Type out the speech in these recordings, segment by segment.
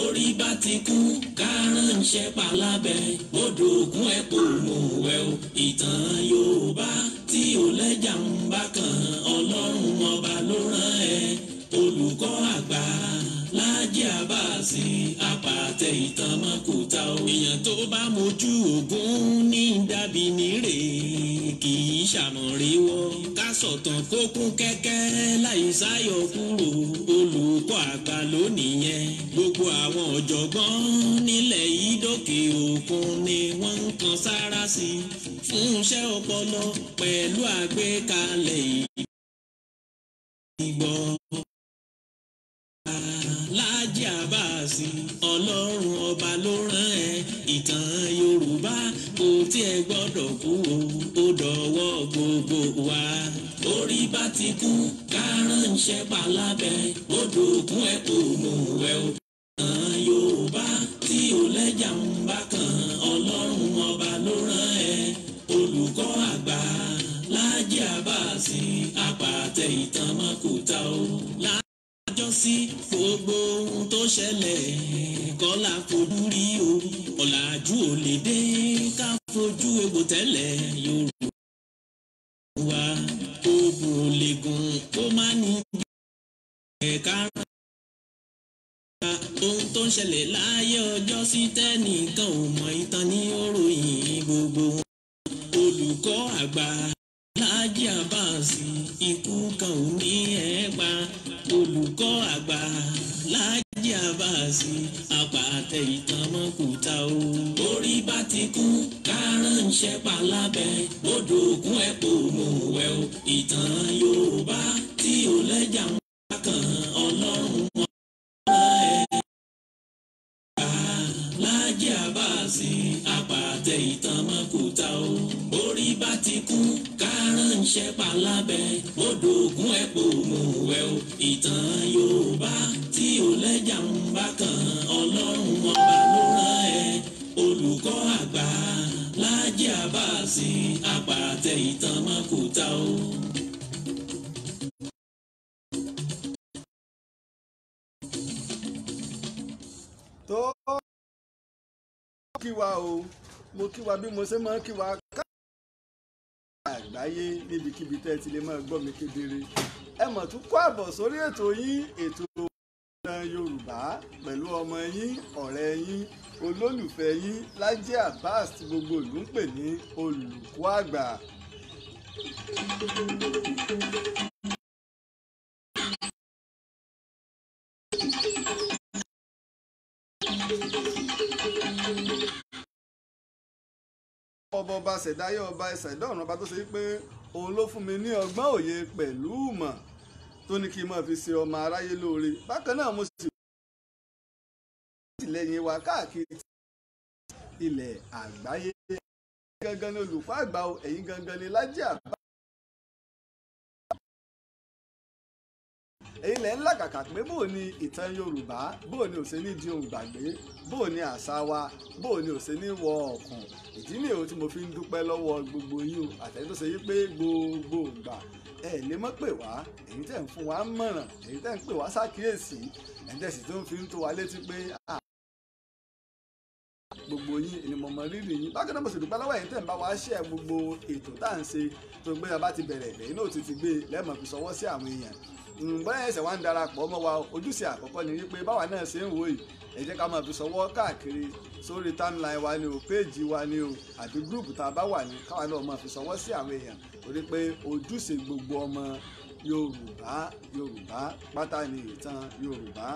orí bá ti kú kárán ń ṣe palábẹ odò ògùn ẹ kò mú wẹ o ìtàn Yorùbá tí ò lẹ́jà ń bá kan Ọlọ́run ọba ló rán ẹ olùkọ́ àgbà. Alhaji Abbas apàtẹ ìtàn mọ́kúta o. èèyàn tó bá mojú ogun ní dàbí nírè kì í ṣàmọ̀ríwọ́. ká sọ̀tàn kó kún kẹ́kẹ́ láì sáyọ kúrò olùkọ́ àgbà lónìyẹn. gbogbo àwọn ọ̀jọ̀gbọ́n nílẹ̀ yìí òkun ni wọ́n ń kan sára sí i fún iṣẹ́ ọpọlọ pẹ̀lú àgbékalẹ̀ yìí. fún òun tó dọwọ́ gbogbo wa. orí bá ti kú kárànṣẹ́ palábẹ́ odò òkun ẹ̀ kò mú ẹ o. àwọn Yorùbá tí ó lẹ́jà ń bá kan Ọlọ́run ọba ló rán ẹ olùkọ́ àgbà Láàjì Abbas àpàtẹ ìtàn mọ́kúta o. lájọ́ sí gbogbo ohun tó ṣẹlẹ̀ kọ́lá fojú rí o ọ̀làjú ò lè dé ká tẹ́lẹ̀ Yorùbá kó bùrù lẹ́gùn kó má ní ẹ̀ka ohun tó ń ṣẹlẹ̀ láyé ọjọ́ sí tẹ́nìkan ò mọ ìtàn ní oròyìn gbogbo olùkọ́ àgbà Láàjì Àbáàsì ikú kan ò ní ẹ̀ pa olùkọ́ àgbà Láàjì Àbáàsì àpàtẹ ìtàn mọ́kùtà o òkun kárànṣẹ́ palábẹ́ odò òkun ẹ̀ mú wẹ̀ o ìtàn Yorùbá tí ò lẹ́jà ń bá kan ọlọ́run ọmọ ẹ̀ ká ìtàn mọ́kúta o orí bá ti kú kárànṣẹ́ palábẹ́ odò òkun ẹ̀ mú wẹ̀ o ìtàn Yorùbá tí ò lẹ́jà ń bá kan ọlọ́run ọba ló rán ẹ olùkọ́ àgbà bá a sin apàtẹ ìtàn mọ́kúta o. tó kí wa o mo kí wa bí mo ṣe máa kí wa àgbáyé níbikíbi tẹ́ ẹ ti lè máa gbọ́ mi kedere ẹ mọ̀ tún kó àbọ̀ sórí ètò yín ètò ìran yorùbá pẹ̀lú ọmọ yín ọ̀rẹ́ yín olólùfẹ́ yín Lájí Abbas tí gbogbo ìlú ń pè ní olùkọ́ àgbà. ọba ọba ṣẹ̀dáyé ọba ẹ̀ṣẹ̀dá ọ̀run ọba tó ṣe pé òun ló fún mi ní ọgbọ́n òye pẹ̀lú ìmọ̀ tó ní kí n máa fi ṣe ọmọ aráyé lóore bákan náà mo sì tìlẹ́yìn wa káàkiri ilẹ̀ àgbáyé gangan ni olùkọ́ àgbà o ẹ̀yin gangan ni Lájí Abbas èyí lẹ́ ń làkàkà pé bó ni ìtàn Yorùbá bó ni ò ní di ohun gbàgbé bó ni àṣà wa bó ni ò ní wọ ọ̀kàn ìdí nìyẹn tí mo fi ń dúpẹ́ lọ́wọ́ gbogbo yín o àtẹ̀yìn tó pé gbogbo ìgbà ẹ lè mọ́ pè wá èyí tẹ̀ ń fún wa mọ̀ràn èyí tẹ̀ ń pè wá ṣàkíyèsí ẹ̀ńtẹ̀sì tó ń fi ń tó wa létí pé gbogbo yín ni mo mọ rírì yín bákan náà mo sì dúpẹ́ lọ́wọ́ yín tẹ̀ ń bá wa ṣe gbogbo ètò tá à ń ṣe tó gbé abá ti bẹ̀rẹ̀ lẹ́yìn náà ti ti gbé e, lẹ́mọ̀ fi sọwọ́ sí àwọn èèyàn ǹgbọ́n ẹ̀sẹ̀ wa ń darapọ̀ mọ́ wa ojúṣe àkọ́kọ́ ni wípé báwa náà ṣe ń wò yìí ẹ ká máa fi sọwọ́ káàkiri sórí timeline wa ni o péèjì wa ni o àbí gúrùpù tá a bá wà ní káwa náà máa fi sọwọ́ sí àwọn èèyàn torí pé ojúṣe gbogbo ọmọ yorùbá yorùbá pátá ni ìtàn yorùbá.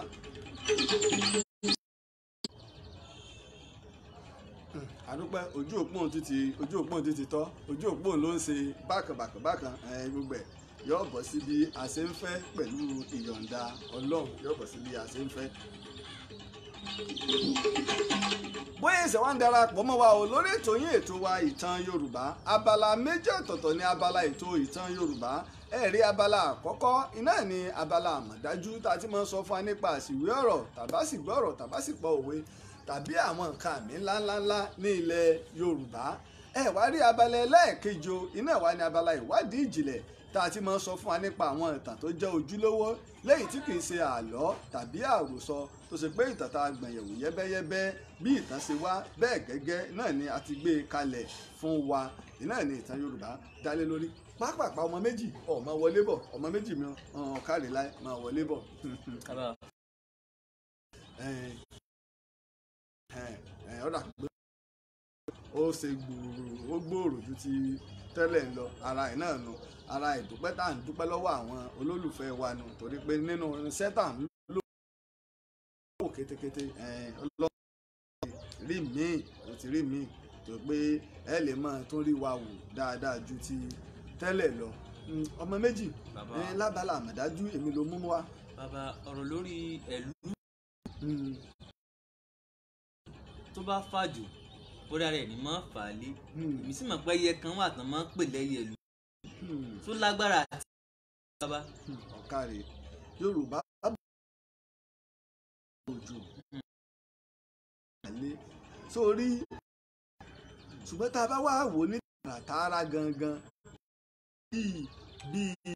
àdúpẹ́ ojú òpó òun títí ojú òpó òun títí tọ́ ojú òpó òun ló ń ṣe bákan bákan bákan gbogbo ẹ̀ yóò bọ̀ sí bí a ń fẹ́ pẹ̀lú ìyọ̀ǹda ọlọ́run yóò bọ̀ sí bí ń fẹ́ bóyá ẹsẹ̀ wá ń darapọ̀ mọ́ wa o lórí ètò yín ètò wa ìtàn yorùbá abala méjì ọ̀tọ̀ọ̀tọ̀ ni abala ètò ìtàn yorùbá ẹ̀rí abala àkọ́kọ́ iná ní abala àmọ̀dájú tá a ti máa ń sọ fún wa nípa àsìwé ọ̀rọ̀ tàbá sì gbọ́ ọ̀rọ̀ tàbá sì pọ̀ òwe tàbí àwọn nǹkan àmì ńláńláńlá ní ilẹ̀ yorùbá ẹ wá rí abala ẹlẹ́ẹ̀kejì iná wa ní abala ìwádìí ìjìnlẹ̀ tá a ti máa ń sọ fún wa nípa àwọn ìtàn tó jẹ́ ojúlówó léyìí tí kì í ṣe àlọ́ tàbí àròsọ tó ṣe pé ìtàn tá a gbọ̀nyẹ̀wò yẹ́bẹ́yẹ́bẹ́ bí ìtàn ṣe wá bẹ́ẹ̀ gẹ́gẹ́ náà ni a ti gbé e kalẹ̀ fún wa náà ni ìtàn Yorùbá dálé lórí pápápá ọmọ méjì ọmọ wọlé bọ̀ ọmọ méjì mi ọ̀hún káre láì máa wọlé bọ̀. ọ̀dà pé ó ṣe gbòòrò ó gbòòrò ju ti tẹ́lẹ̀ ń lọ ara ẹ̀ náà nu ara ìdúpẹ́ tá à ń dúpẹ́ lọ́wọ́ àwọn olólùfẹ́ wa nu torí pé nínú irinṣẹ́ tá à ń lò kétékété ọlọ́run rí míì ó ti rí míì tó pé ẹ lè máa tún rí wa wò dáadáa ju ti tẹ́lẹ̀ lọ hmm, ọmọ méjì lábala àmọ̀dájú èmi ló mú wa. bàbá ọ̀rọ̀ lórí ẹ̀lú hmm. tó bá fà jù bóra rẹ̀ ni máa fà á lé hmm. èmi sì mọ̀ pé ẹyẹ kan wà tán máa ń pè lẹ́yẹ ìlú tó lágbára àti bàbá. ọ̀kàrẹ̀ yorùbá òjò àlè sórí ṣùgbọ́n tá a bá wá wò ní tààràtààrà gangan bíi bíi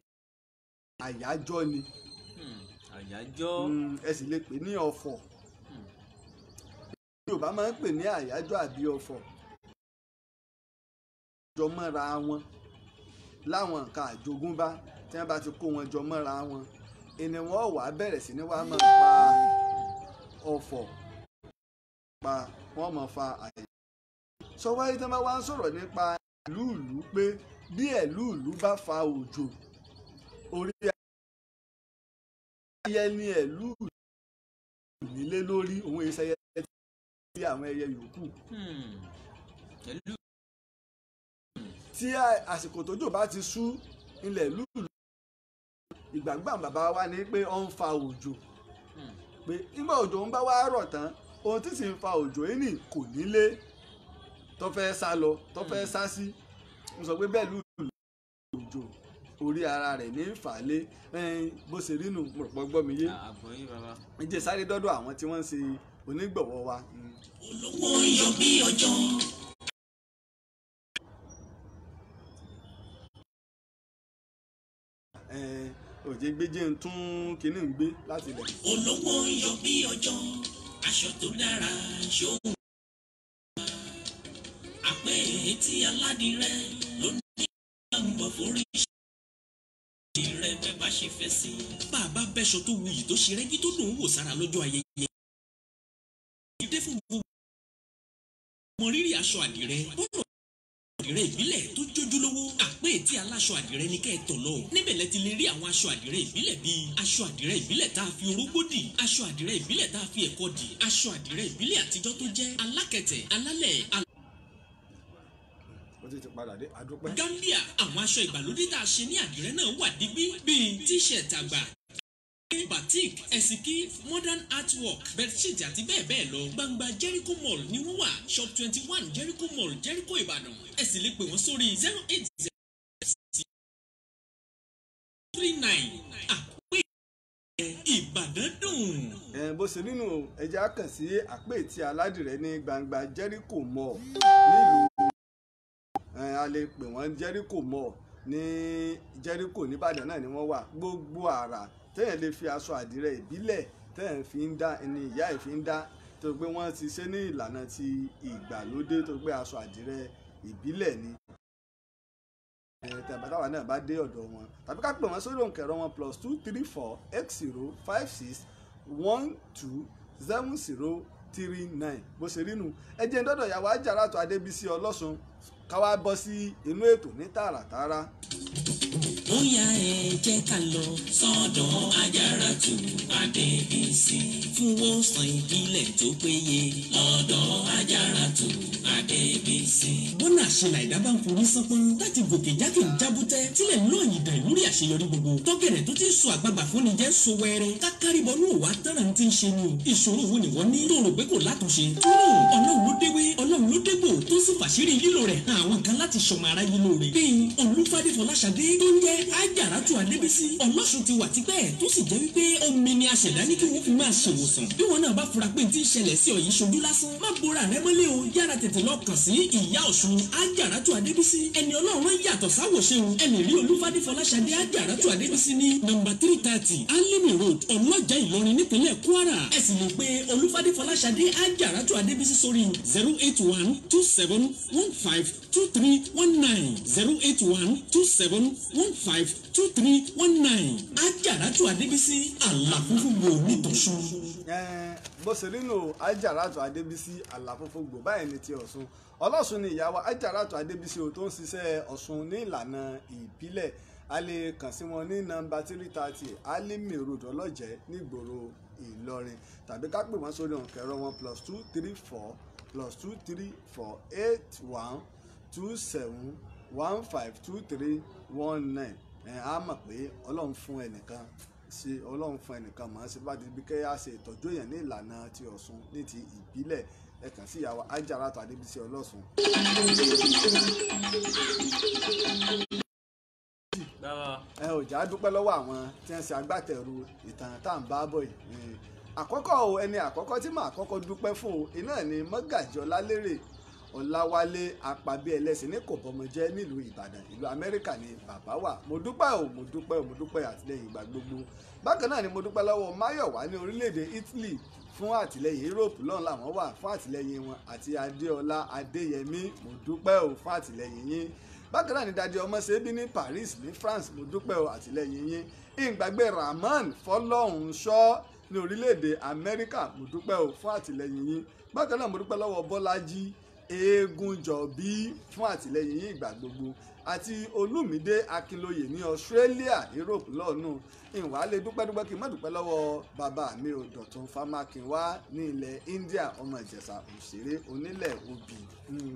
àyájọ́ ni hmm, àyájọ́ hmm, ẹ sì lè pè ní ọ̀fọ̀ hmm. Yorùbá máa ń pè ní àyájọ́ àbí ọ̀fọ̀ jọ mọ́ra wọn láwọn nǹkan àjogúnbá tí wọ́n bá ti kó wọn jọ mọ́ra wọn ẹni wọn ò bẹ̀rẹ̀ sí ni wàá máa pa á ọ̀fọ̀ pa wọ́n mọ̀ fa àyè. sọ wáyé tí wọ́n wá ń sọ̀rọ̀ nípa ìlú ìlú pé bí ẹ̀lú ìlú bá fa òjò orí ẹyẹ ni ẹ̀lú nílé lórí òun èsì ẹyẹ tí àwọn ẹyẹ yòókù. Hmm. tí àsìkò tójò bá ti sú ilẹ̀ ìlú ìlú ìgbàgbọ́ bàbá wa ni pé ó ń fa òjò. Hmm pé nígbà òjò ń bá wá rọ̀ tán ohun tí sì ń fa òjò yìí nì kò nílé tó fẹ́ sá lọ tó fẹ́ hmm. sá sí mo sọ pé bẹ́ẹ̀ lù òjò orí ara rẹ̀ ní ìfàlẹ́ bó ṣe rí nù mo rò pọ̀ gbọ́ mi yé ìjẹ́ sáré dọ́dọ̀ àwọn tí wọ́n ń ṣe onígbọ̀wọ́ wa. Hmm. olówó yọ bí ọjọ́. jẹ́ gbé jẹ́ ń tún kinní ń gbé láti ilẹ̀. olówó ń yọ bí ọjọ́ aṣọ tó dára ṣòwò àpẹ etí aládìrẹ ló ní àǹbọ̀ forí rẹ bẹ bá ṣe fẹ́ sí. bàbá bẹ́ṣọ tó wuyì tó ṣe rẹ́gí tó dùn wò sára lọ́jọ́ ayẹyẹ. ìdẹ́fún gbogbo mọ aṣọ àdìrẹ àdìrẹ ìbílẹ̀ tó jójúlówó àpé tí aláṣọ àdìrẹ ni kẹ́ ẹ tọ̀ lọ. níbẹ̀ lẹ ti lè rí àwọn aṣọ àdìrẹ ìbílẹ̀ bíi aṣọ àdìrẹ ìbílẹ̀ tá a fi orógbó dì aṣọ àdìrẹ ìbílẹ̀ tá a fi ẹ̀kọ dì aṣọ àdìrẹ ìbílẹ̀ àtijọ́ tó jẹ́ alákẹ̀tẹ̀ alálẹ̀ al Gambia àwọn aṣọ ìgbàlódé tá a ṣe ní àdìrẹ náà wà digbí bíi tíṣẹ̀tì batik ẹ̀sìnkí modern artwork bedsheet àti bẹ́ẹ̀ bẹ́ẹ̀ lọ gbangba jericho mall ni wọ́n wà shop twenty one jericho mall jericho ìbàdàn ẹ sì lè pè wọ́n sórí zero eight zero three nine àpè ìbàdàn dùn. ẹ bó ṣe nínú ẹja kàn sí àpèétí aládìrẹ ní gbangba jericho mall nílùú a lè pè wọ́n jericho mall ní jericho nìbàdàn náà ni wọ́n wà gbogbo àrà tẹ́yìn lè fi aṣọ àdìrẹ ìbílẹ̀ tẹ́yìn fi ń dá ni ìyá ẹ̀ fi ń dá tó pé wọ́n ti ṣe ní ìlànà ti ìgbàlódé tó pé aṣọ àdìrẹ ìbílẹ̀ ni tàbátàwà náà bá dé ọ̀dọ̀ wọn tàbí ká pè wọ́n sórí òǹkẹ̀rọ wọn plus two three four x zero five six one two seven zero three nine bó ṣe rí nu ẹ jẹ́ dọ́dọ̀ ìyàwó Ajaratu Adébísí Ọlọ́sùn ká wá bọ́ sí inú ètò ní tààràtààrà ó yá ẹ jẹ́ ká lọ sọ́dọ̀ Ajaratu Adébísí fún ọ̀sán ìbílẹ̀ tó péye. lọ́dọ̀ ajára tó adébísí. bọ́nà àṣelà ìdá bá ń forí sánpọ́n láti gòkè jákè jábútẹ́ tílẹ̀ ń lọ ìdàn lórí àṣeyọrí gbogbo. tọ́gẹ̀rẹ̀ tó ti sọ àgbàgbà fún ni jẹ́ sọ wẹ́rẹ́. kákàríbọ̀ ní òwà tẹ́ràn ti ń ṣe ni o. ìṣòro wo ni wọ́n ní. tó rò pé kò látúnṣe. túnú ọlọ́run ló déwé ọlọ́run ló dégbò tó sì fàṣírí lílo rẹ̀. àwọn kan láti ṣọmọ ara yìí lóore. bíi olúfadé fọláṣadé tó ń jẹ́ ajaratu adébísí ọlọ́sùn ti wà tipẹ́ tó sì jẹ́ wípé omi ni àṣẹ̀dá ní kí wọ́n fi máa ṣòw ìwòsàn bí wọn náà bá fura pé ti ṣẹlẹ̀ sí ọ yìí ṣojú lásán má bora rẹ o yára tètè lọ kàn sí ìyá ọ̀ṣun ajaratu adébísí ẹni ọlọ́run yàtọ̀ sáwòṣeun ẹni rí olúfadé ajaratu adébísí ní nọ́mbà three thirty alimi road ọlọ́jà ìlọrin nípínlẹ̀ kwara ẹ sì lè pe olúfadé ajaratu adébísí sórí zero eight one two seven one five two three one nine zero eight one two seven one five two three one nine ajaratu adébísí àlàkúfù wo nítòsùn bó ṣe rí nù Ajaratu Adébísí àlàfófógbò báyìí ni ti Ọ̀ṣun ọlọ́sùn ni ìyá wa Ajaratu Adébísí o tó ń ṣiṣẹ́ Ọ̀ṣun ní ìlànà ìbílẹ̀ a lè kàn sí wọn ní nọ́mbà three thirty alimi road ọlọ́jẹ́ nígboro Ìlọrin tàbí ká pè wọ́n sórí òǹkà ẹ̀rọ wọn plus two three four plus two three four eight one two seven one five two three one nine ẹ̀ á mọ̀ pé ọlọ́run fún ẹnìkan ṣe ọlọ́run fún ẹnìkan mọ̀ ọ́n ṣe bá di bí kẹ́yà ṣe ìtọ́jú èèyàn ní ìlànà ti ọ̀ṣun ní ti ìbílẹ̀ ẹ sí ìyàwó Ajaratu Adébísí ọlọ́sùn. ẹ ò já dúpẹ́ lọ́wọ́ àwọn tí wọ́n ṣe agbátẹrù ìtàn tá à ń bá bọ̀ yìí àkọ́kọ́ ẹni àkọ́kọ́ tí màá kọ́kọ́ dúpẹ́ fún iná ni mọ́gàjọ́lálérè ọ̀làwálé apàbí ẹlẹ́sìn ní kò bọ́mọjẹ́ nílùú ìbàdàn ìlú amẹ́ríkà ní bàbá wà mo dúpẹ́ ò mo dúpẹ́ ò mo dúpẹ́ àtìlẹ́yìn ìgbà gbogbo bákan náà ni mo dúpẹ́ lọ́wọ́ máyọ̀wá ní orílẹ̀-èdè italy fún àtìlẹyìn europe lọ́n làwọn wà fún àtìlẹyìn wọn àti adéọlá adéyẹmí mo dúpẹ́ ò fún àtìlẹyìn yín bákan náà ni dadi ọmọṣẹ́bí ní paris ní france mo dúpẹ́ ò àtìlẹyìn yín ìgbàgbé rahman fọlọ́hunṣọ́ ní orílẹ̀-èdè amẹ́ríkà mo dúpẹ́ ò fún àtìlẹyìn yín bákan náà mo dúpẹ́ lọ́wọ́ bọ́lájí Egunjọbí fún àtìlẹ́yìn yín ìgbà gbogbo àti Olúmídé Akínlóyè ní Australia Europe lọ́ọ̀nù ìwà lè dúpẹ́ dúpẹ́ kí n má dúpẹ́ lọ́wọ́ bàbá mi ò Dọ̀tun Fámákinwá ní ilẹ̀ India ọmọ Ìjẹ̀ṣà òṣèré onílẹ̀ obì hmm,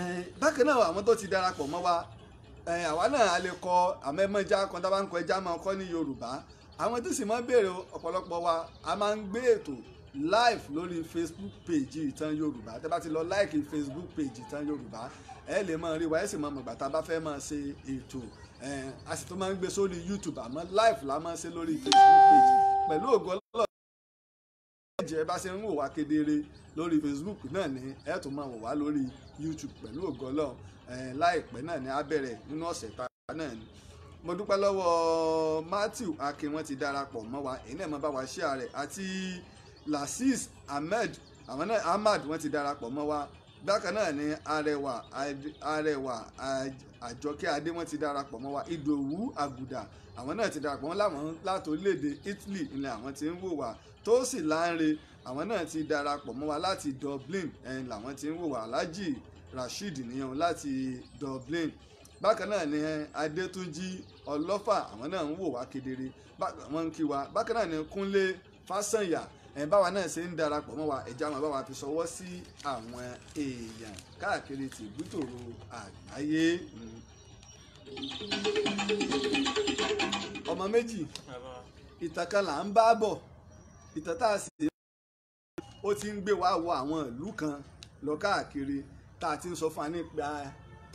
eh, bákan náà àwọn tó ti darapọ̀ mọ́ wa eh, àwa náà a lè kọ àmọ́ ẹ mọ́já kan tá a bá ń kọ ẹja máa kọ́ ní Yorùbá àwọn tó sì máa ń béèrè ọ̀pọ̀lọpọ̀ wa a máa ń gbé ètò live lórí facebook page ìtàn yorùbá tẹ bá ti lọ like facebook page ìtàn yorùbá ẹ lè máa rí wa ẹ sì máa mọ̀gbà tá a bá fẹ́ máa ṣe ètò a sì tó máa ń gbé sórí youtube àmọ́ live la máa ń ṣe lórí facebook page pẹ̀lú ògo ọlọ́run jẹ́ bá ṣe ń wò wá kedere lórí facebook náà ni ẹ tún máa wò wá lórí youtube pẹ̀lú ògo ọlọ́run láìpẹ́ náà ni a bẹ̀rẹ̀ nínú ọ̀sẹ̀ ta náà ni mo dúpẹ́ lọ́wọ́ matthew akin wọ́n ti darapọ̀ mọ́ wa èyí náà máa bá wa share rẹ̀ àti lasis ahmed àwọn náà ahmad wọ́n ti darapọ̀ mọ́ wa bákan náà ni arẹwà arẹwà àjọkẹ́ adé wọ́n ti darapọ̀ mọ́ wa ìdòwú àgùdà àwọn náà ti darapọ̀ wọn láwọn láti orílẹ̀-èdè italy ni àwọn ti ń wò wá tósì láńre àwọn náà ti darapọ̀ mọ́ wa láti dublin ẹ̀yìn làwọn ti ń wò wá alhaji rasheed nìyẹn láti dublin bákan náà ni adétúnjì ọlọ́fà àwọn náà ń wò wá kedere wọ́n ń kí wa bákan náà ni kúnlé fásànyà ẹ̀yin báwa náà ṣe ń darapọ̀ mọ́ wa ẹ̀já wọn báwa fi ṣọwọ́ sí àwọn èèyàn káàkiri tìbútòrò àgbáyé. ọmọ méjì ìtàn kan là ń bá bọ̀ ìtàn tá a sì ṣe ti ń gbé wa wọ àwọn ìlú kan lọ káàkiri tá a ti ń sọ fún wa nípa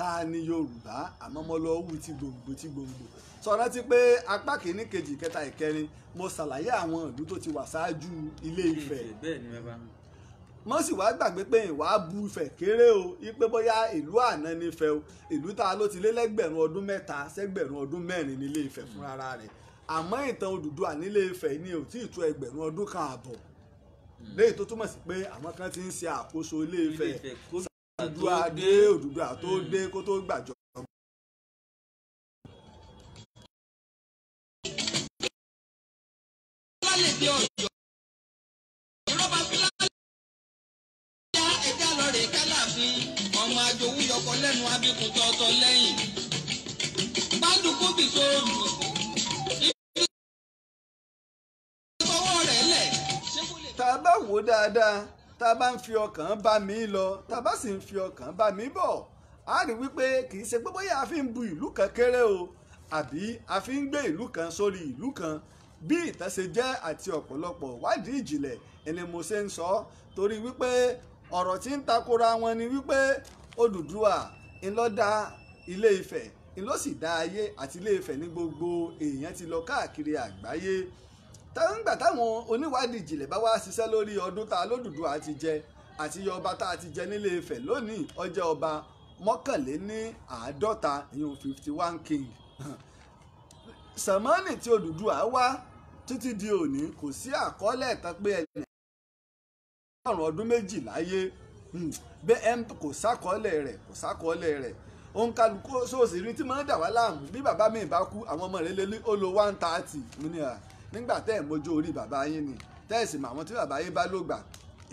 ta ni yorùbá àmọ́mọ́lọ́ wù ti gbòǹgbò ti gbòǹgbò sọ̀rọ̀ ti pé apá kìíní kejì kẹta ìkẹrin mo ṣàlàyé àwọn ìlú tó ti wà ṣáájú ilé Ifẹ̀ mọ́ sì wá gbàgbé pé ìwà bu Ifẹ̀ kéré o ipe bóyá ìlú àná ní Ifẹ̀ o ìlú tá a ló ti lé lẹ́gbẹ̀rún ọdún mẹ́ta sẹ́gbẹ̀rún ọdún mẹ́rin nílé Ifẹ̀ fúnra rẹ̀ àmọ́ ìtàn Odùduwà nílé Ifẹ̀ ni ò tí ì tó ẹgbẹ̀rún ọdún kan àbọ̀ hmm. léyìí tó túmọ̀ sí pé àwọn kan ti ń ṣe àkóso ilé Ifẹ̀ Odùduwà dé Odùduwà tó hmm. dé kó tó gbàjọ. ọmọ àjòwú a bá dáadáa tá a bá ń fi ọkàn bá mi lọ tá a bá sì ń fi ọkàn bá mi bọ̀ a rí wípé kì í ṣe pé bóyá a fi ń bu ìlú kan kéré o àbí a fi ń gbé ìlú kan sórí ìlú kan bí ìtàn ṣe jẹ́ àti ọ̀pọ̀lọpọ̀ wádìí ìjìnlẹ̀ ẹni mo ṣe ń sọ torí wípé ọ̀rọ̀ tí ń takora wọn ni wípé Odùduwà ńlọ dá Ilé Ifẹ̀ ńlọ dá ayé àti Ilé Ifẹ̀ ní gbogbo èèyàn ti lọ káàkiri àgbáyé táǹgbà táwọn oníwádìí ìjìnlẹ̀ bá wá ṣiṣẹ́ lórí ọdún tá a lódùdú àti jẹ àti yọ ọba tá a ti jẹ nílé Ifẹ̀ lónìí ọjọ́ ọba mọ́kànléní àádọ́ta ìyún fifty one king sàmánì tí Odùduwà wá títí di òní kò sí àkọọ́lẹ̀ tán pé ẹnì ọ̀rùn ọdún méjì láyé hmm, bẹ́ẹ̀ kò sákọọ́lẹ̀ rẹ̀ kò sákọọ́lẹ̀ rẹ̀ òun kálukú sóòsì rí tí mo ń dà wá láàmú bí bàbá mi bá kú àwọn ọmọ rẹ̀ lé ó lo one thirty mo nígbà tẹ́ ẹ̀ mójú orí bàbá yín ni tẹ́ẹ̀sì mọ àwọn tí bàbá yín bá lògbà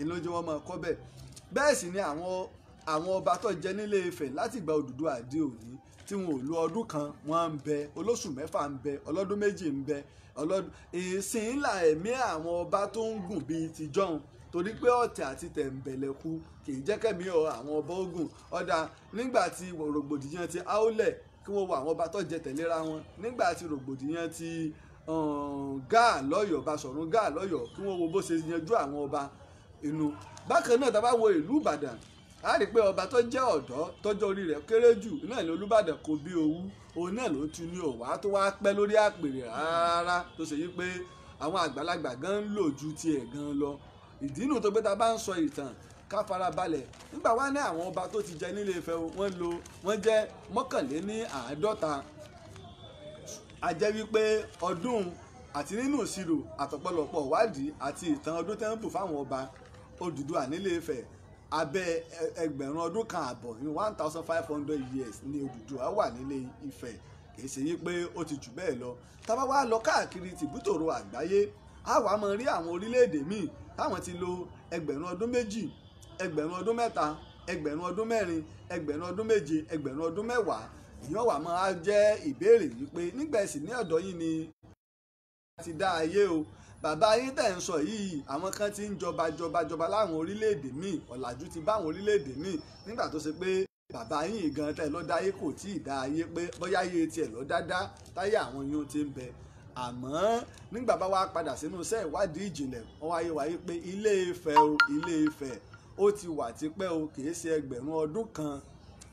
ìlójú wọn mọ kọ́ bẹ́ẹ̀ bẹ́ẹ̀ sì ni àwọn ọba tó jẹ nílé Ifẹ̀ láti ìgbà Odùduwà dé òní tí wọn ò lo ọdún kan wọn ń bẹ olóṣù mẹ́fà ń bẹ ọlọ́dún méjì ń bẹ ọlọ́dún ìsìn ńlá ẹ̀mí àwọn ọba tó ń gùn bíi tijọ́hun torí pé ọ̀tẹ̀ àti tẹ̀m̀bẹ̀lẹ̀kú kì í jẹ́kẹ̀mí àwọn ọba ogun ọ̀dà nígbà tí rògbòdìyàn ti áúlẹ̀ kí wọ́n wo àwọn ọba tó jẹ tẹ̀léra wọn nígbà tí rògbòdìyàn ti gáà lọ́yọ̀ọ́ Basọ̀run gáà lọ́yọ̀ọ́ kí wọ́n wo bó ṣe yanjú àwọn ọba inú bákan náà tá a bá wo ìlú Ìbàdàn a rí i pé ọba tó jẹ́ ọ̀dọ́ tọ́jọ́ orí rẹ̀ kéré jù náà ní Olúbàdàn kò bí owú òun náà ló ti ní òwá tó wá pẹ́ lórí àpèrè rárá tó ṣe yí pé àwọn àgbàlagbà gan ń lò ju tiẹ̀ gan lọ ìdínú tó gbé ta bá ń sọ ìtàn ká fara balẹ̀ nígbà wá ní àwọn ọba tó ti jẹ nílé Ifẹ̀ wọ́n lò wọ́n jẹ́ mọ́kànléní àádọ́ta a jẹ́ wípé ọdún àti nínú ìṣirò àtọ̀pọ̀lọpọ̀ wádìí àti ìtàn ọdún tẹ́ḿpù fáwọn ọba Odùduwà nílé Ifẹ̀ abẹ́ ẹgbẹ̀rún ọdún kan àbọ̀ ní one thousand five hundred years ni Odùduwà wà nílé Ifẹ̀ kì í ṣe wípé ó ti jù bẹ́ẹ̀ lọ tá bá wá lọ káàkiri tìbútòrò àgbáyé a wá máa rí àwọn orílẹ̀-èdè míì táwọn ti lo ẹgbẹ̀rún ọdún méjì ẹgbẹ̀rún ọdún mẹ́ta ẹgbẹ̀rún ọdún mẹ́rin ẹgbẹ̀rún ọdún méje ẹgbẹ̀rún ọdún mẹ́wàá ìyẹn wà máa jẹ́ ìbéèrè wípé nígbà ẹ̀sìn ní ọ̀dọ̀ yìí ni ti dá ayé o bàbá yín tẹ̀ ń sọ yìí àwọn kan ti ń jọba jọba jọba láwọn orílẹ̀-èdè míì ọ̀làjú ti bá àwọn orílẹ̀-èdè míì nígbà tó ṣe pé bàbá yín gan tẹ̀ lọ́dá ayé kò tí ì dá ayé pé bóyá ayé tiẹ̀ lọ́dáadáa táyé àwọn yóò ti ń bẹ àmọ́ nígbà bá wá padà sínú iṣẹ́ ìwádìí ìjìnlẹ̀ wọ́n wáyé wáyé pé ilé Ifẹ̀ o ilé Ifẹ̀ ó ti wà tipẹ́ o kìí ṣe ẹgbẹ̀rún ọdún kan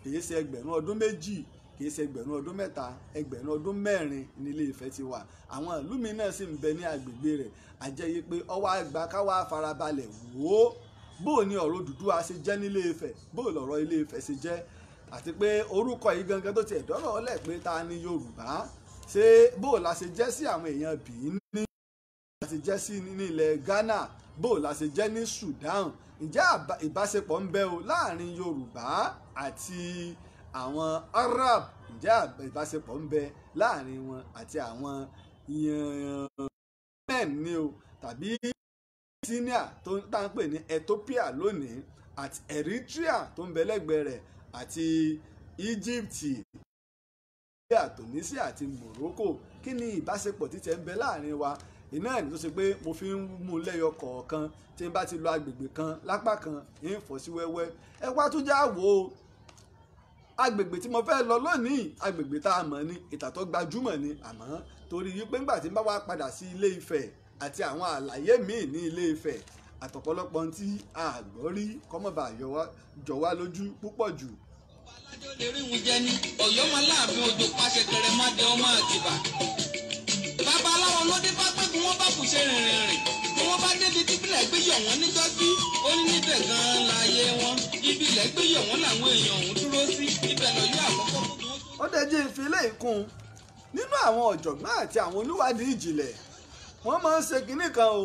kìí ṣe ẹgbẹ̀rún ọdún méjì kì í ṣe ẹgbẹ̀rún ọdún mẹ́ta ẹgbẹ̀rún ọdún mẹ́rin ní Ilé Ifẹ̀ ti wà àwọn ìlú mi náà sì ń bẹ ní agbègbè rẹ̀ àjẹyí pé ọwọ́ àgbà káwá farabalẹ̀ wò ó bó ni ọ̀rọ̀ Odùduwà ṣe jẹ́ ní Ilé Ifẹ̀ bó lọ̀rọ̀ Ilé Ifẹ̀ ṣe jẹ́ àti pé orúkọ yìí gangan tó tiẹ̀ dọ́rọ̀ ọlẹ̀ pé ta ni Yorùbá ṣé bó la ṣe jẹ́ sí àwọn èèyàn Bìíní bó la ṣe jẹ́ sí ní Sudan ǹjẹ́ ìbáṣepọ̀ ń bẹ o láàrin Yorùbá àti àwọn Arab ǹjẹ́ ìbáṣepọ̀ ń bẹ láàrin wọn àti àwọn yemen ni o tàbí Tinia tó tá ń pè ní Ethiopia lónìí àti Eritrea tó ń bẹ lẹ́gbẹ̀ẹ́ rẹ̀ àti Egypt Libya Tunisia àti Morocco kí ni ìbáṣepọ̀ títẹ̀ ń bẹ láàrin wa iná ẹni tó ṣe pé mo fi ń mú un lẹ́yọ kọ̀ọ̀kan tí n bá ti lọ agbègbè kan lápá kan ń fọ́ sí wẹ́wẹ́ ẹ wá tún já wò ó agbègbè tí mo fẹ́ lọ lónìí agbègbè tá a mọ̀ ni ìtàn tó gbajúmọ̀ ni àmọ́ torí wípé ńgbà tí n bá wá padà sí ilé Ifẹ̀ àti àwọn àlàyé míì ní ilé Ifẹ̀ àtọ̀pọ̀lọpọ̀ tí a gbọ́ rí kọ́mọ̀bà jọ wá lójú púpọ̀ jù. babaláwo ló dé bá pẹ́kun wọn bá kù ṣe rìnrìn rìn wọ́n bá débi tíbílẹ̀ gbé yọ̀ wọ́n ní jọ́sí ó ní níbẹ̀ gan-an láàyè wọn ibílẹ̀ gbé yọ̀ wọ́n làwọn èèyàn ọ̀hún dúró sí ibẹ̀ lọ́yọ́ àkọ́kọ́ kúndùn. ó dẹjí ń fi nínú àwọn ọ̀jọ̀gbọ́n àti àwọn olùwádìí ìjìnlẹ̀ wọ́n máa ń ṣe kinní kan o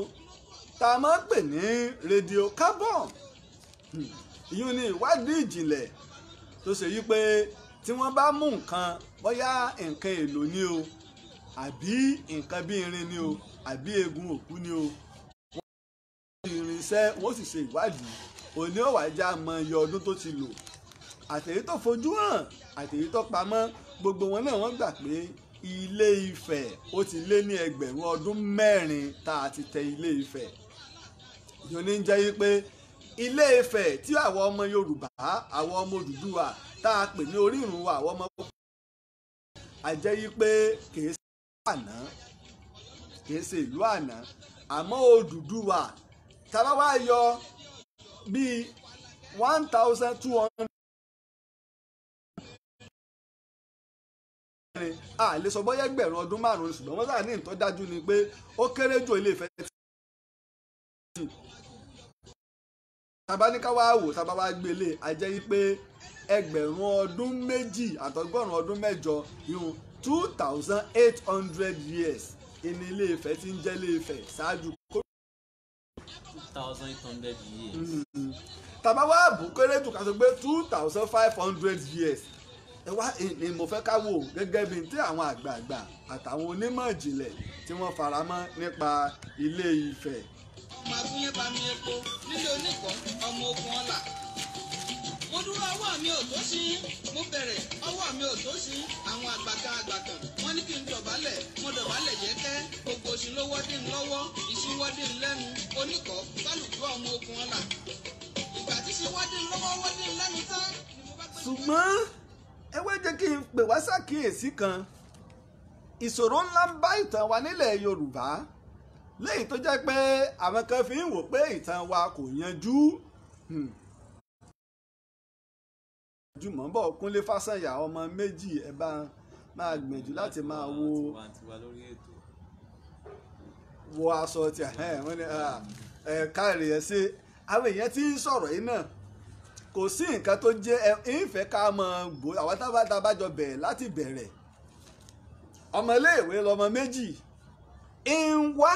tá a máa ń pè ní rédíò carbon hmm, ìyún ni ìwádìí ìjìnlẹ̀ tó ṣe yí pé tí wọ́n bá mú nǹkan bóyá nǹkan èlò ni o àbí nǹkan bí irin ni o àbí eegun òkú ni o irinṣẹ́ wọ́n sì ṣe ìwádìí òní ọ̀wà já mọ iye ọdún tó ti lò àtẹ̀yí tó fojú hàn àtẹ̀yí tó pamọ́ gbogbo wọn náà wọ́n gbà pé ilé Ifẹ̀ ó ti lé ní ẹgbẹ̀rún ọdún mẹ́rin tá a ti tẹ ilé Ifẹ̀ yóò jẹ́ yí pé ilé Ifẹ̀ tí àwọn ọmọ Yorùbá àwọn ọmọ Odùduwà tá a pè ní orírun wa àwọn ọmọ àjẹ́ yí pé kìí ṣe ìlú àná kìí ṣe ìlú àná àmọ́ Odùduwà tàbá wá yọ bíi one thousand two hundred. a lè sọ bóyá ẹgbẹ̀rún ọdún márùn-ún ṣùgbọ́n wọ́n sáà ní ìtọ́ dájú ni pé ó kéré jù ilé ìfẹ́ tí tàbá ní ká wá wò tàbá wá gbélé a jẹ́ pé ẹgbẹ̀rún ọdún méjì àtọgọ́rùn ọdún mẹ́jọ yún two thousand eight hundred years ìní ilé Ifẹ̀ tí ń jẹ́ ilé Ifẹ̀ ṣáájú thousand eight hundred years. Mm-hmm. tàbá wá àbúkéré jù ká two thousand five hundred years ẹ wá ni mo fẹ́ ká wò gẹ́gẹ́ bíi tí àwọn àgbààgbà àtàwọn onímọ̀ ìjìnlẹ̀ tí wọ́n faramọ́ nípa Ilé Ifẹ̀. ọmọ akúnyẹ́pamí epo nílé oníkan ọmọ ogun ọ̀la mo dúró ọwọ́ mi ò tó sí mo bẹ̀rẹ̀ ọwọ́ mi ò àwọn àgbàkan àgbàkan wọ́n ní kí n dọ̀bálẹ̀ mo dọ̀bálẹ̀ yẹ́kẹ́ gbogbo òsì ló wọ́dí lọ́wọ́ lẹ́nu ọmọ ogun ọ̀la ìgbà tí tán. ṣùgbọ́n ẹ wá kí n pè wá ṣàkíyèsí Jùmọ̀bọ̀ Kúnlé Fásànyà ọmọ méjì ẹ bá máa gbìyànjú láti máa wo wo aṣọ tí wọ́n ní ẹ̀ka ìrìyẹ́ sí àwọn èèyàn tí ń sọ̀rọ̀ yìí náà kò sí nǹkan tó jẹ́ ìfẹ́ ká mọ̀ gbó àwọn tábàtà bá jọ bẹ̀rẹ̀ láti bẹ̀rẹ̀ ọmọléèwé lọmọ méjì ń wá